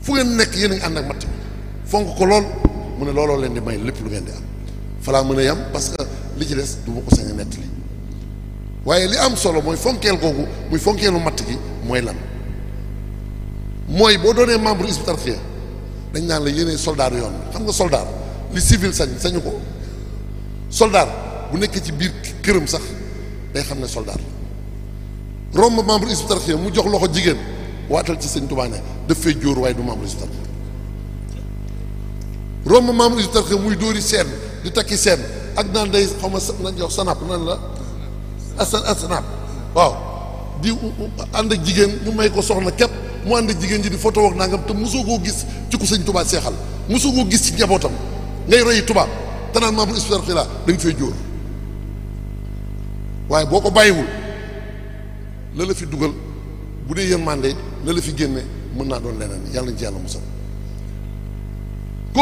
fu ngeen nekk yéen a ngi ànd ak matt mi fonk ko lool mu ne looloo leen di may lépp lu ngeen di am falaa mën a yam li ci des du ma ko sañ a nettali waaye li am solo mooy fonkeel kooku muy fonkeelu matt gi mooy lan mooy boo doonee membre Hizbut Tarqiyyah dañ naan la yéenee soldaaru yoon xam nga soldaar li civil sañ sañu ko soldaar bu nekkee ci biir këram sax day xam ne soldaar romb membre Hizbut Tarqiyyah mu jox loxo jigéen waatal ci sëñ Tuubaa ne daf fay jóor waaye du membre Hizbut Tarqiyyah romb membre Hizbut muy dóori seen di takki seen ak naan day xaw ma nañ jox sanap nan la asan asanap waaw di ànd ak jigéen ñu may ko soxna képp mu ànd ak jigéen ji di photo ak nangam te mosoo koo gis ci ku sëñ seexal mosoo koo gis ci njabootam ngay royi tubaab te naan maam istafirlaa da nga fay jóor boo ko bàyyiwul la la fi dugal bu dee fi génne mën naa doon leneen yàlla na ci yàlla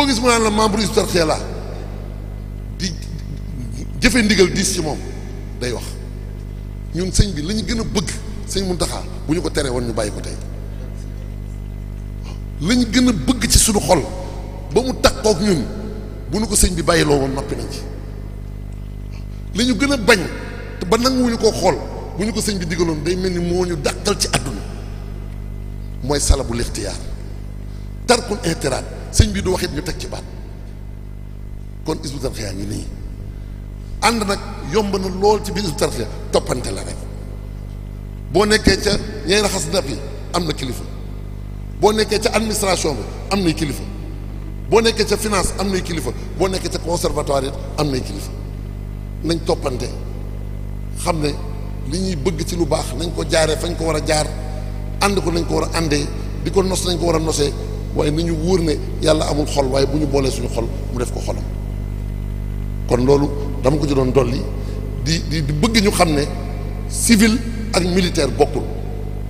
gis mu di jëfe ndigal diis ci moom day wax ñun sëñ bi la ñu gën a bëgg sëñ Muntaxa bu ñu ko teree woon ñu bàyyi ko tey la ñu gën a bëgg ci suñu xol ba mu takkook ñun bu nu ko sëñ bi bàyyiloo woon noppi nañ ci li ñu gën a bañ te ba nanguwuñu ko xool bu ñu ko sëñ bi digaloon day mel ni moo ñu dàqal ci àdduna mooy salabu lixtiyaar tarkul intiraat sëñ bi du wax ñu teg ci baat kon isbu tarxiyaa ngi nii ànd nag yomb na lool ci biir Hizbut Tarqiyyah toppante la rek boo nekkee ca ñay raxas ndab yi am na kilifa boo nekkee ca administration bi am nay kilifa boo nekkee ca finance am nay kilifa boo nekkee ca conservatoire am nay kilifa nañ toppante xam ne li ñuy bëgg ci lu baax nañ ko jaaree fañ ko war a jaar ànd ko nañ ko war a àndee di ko nos nañ ko war a nosee waaye ñu wóor ne yàlla amul xol waaye bu ñu boolee suñu xol mu def ko xolam kon loolu dama ko ci doon dolli di di bëgg ñu xam ne civil ak militaire bokkul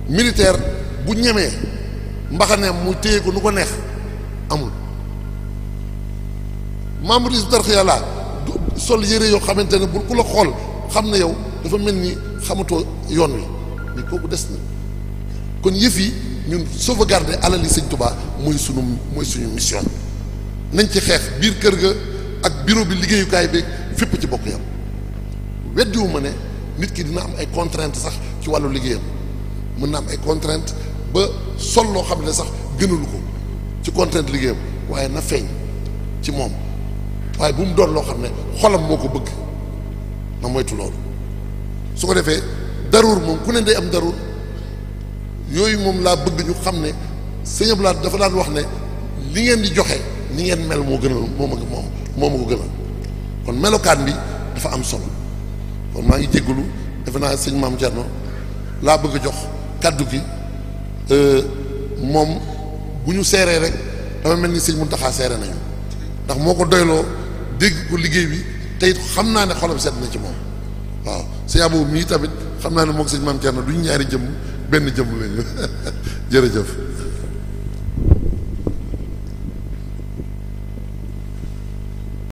militaire bu ñemee mbaxaneem mu téye ko nu ko neex amul membre is darx yàlla sol yére yoo xamante ne bu ku la xool xam ne yow dafa mel ni xamatoo yoon wi ni kooku des na kon yëf yi ñun sauvegarder alali sëñ Tuubaa mooy sunu mooy suñu mission nañ ci xeex biir kër ga ak bureau bi liggéeyukaay beeg fépp ci bokk yam weddiwu ma ne nit ki dina am ay contrainte sax ci wàllu liggéeyam mën na am ay contrainte ba sol loo xam ne sax gënalu ko ci contrainte liggéeyam waaye na ci moom waaye bu mu loo xam ne xolam moo ko bëgg na moytu su ko defee daruur moom ku ne day am daruur yooyu moom laa bëgg ñu xam ne sëñ Abdoulaye dafa daan wax ne li ngeen di joxe ni ngeen mel moo gën a moom ak moom moom ma ko gënal kon melokaan bi dafa am solo kon maa ngi jégalu defe naa sëñ maam Thierno laa bëgg jox kàddu gi euh, moom bu ñu seeree rek dafa mel ni sëñ taxaa seere nañu ndax moo ko doyloo dégg ko liggéey bi tey xam naa ne xolam set na ci moom waaw sëñ Abou mii tamit xam naa ne moom sëñ maam Thierno duñ ñaari jëmm benn jëmm lañu jërëjëf.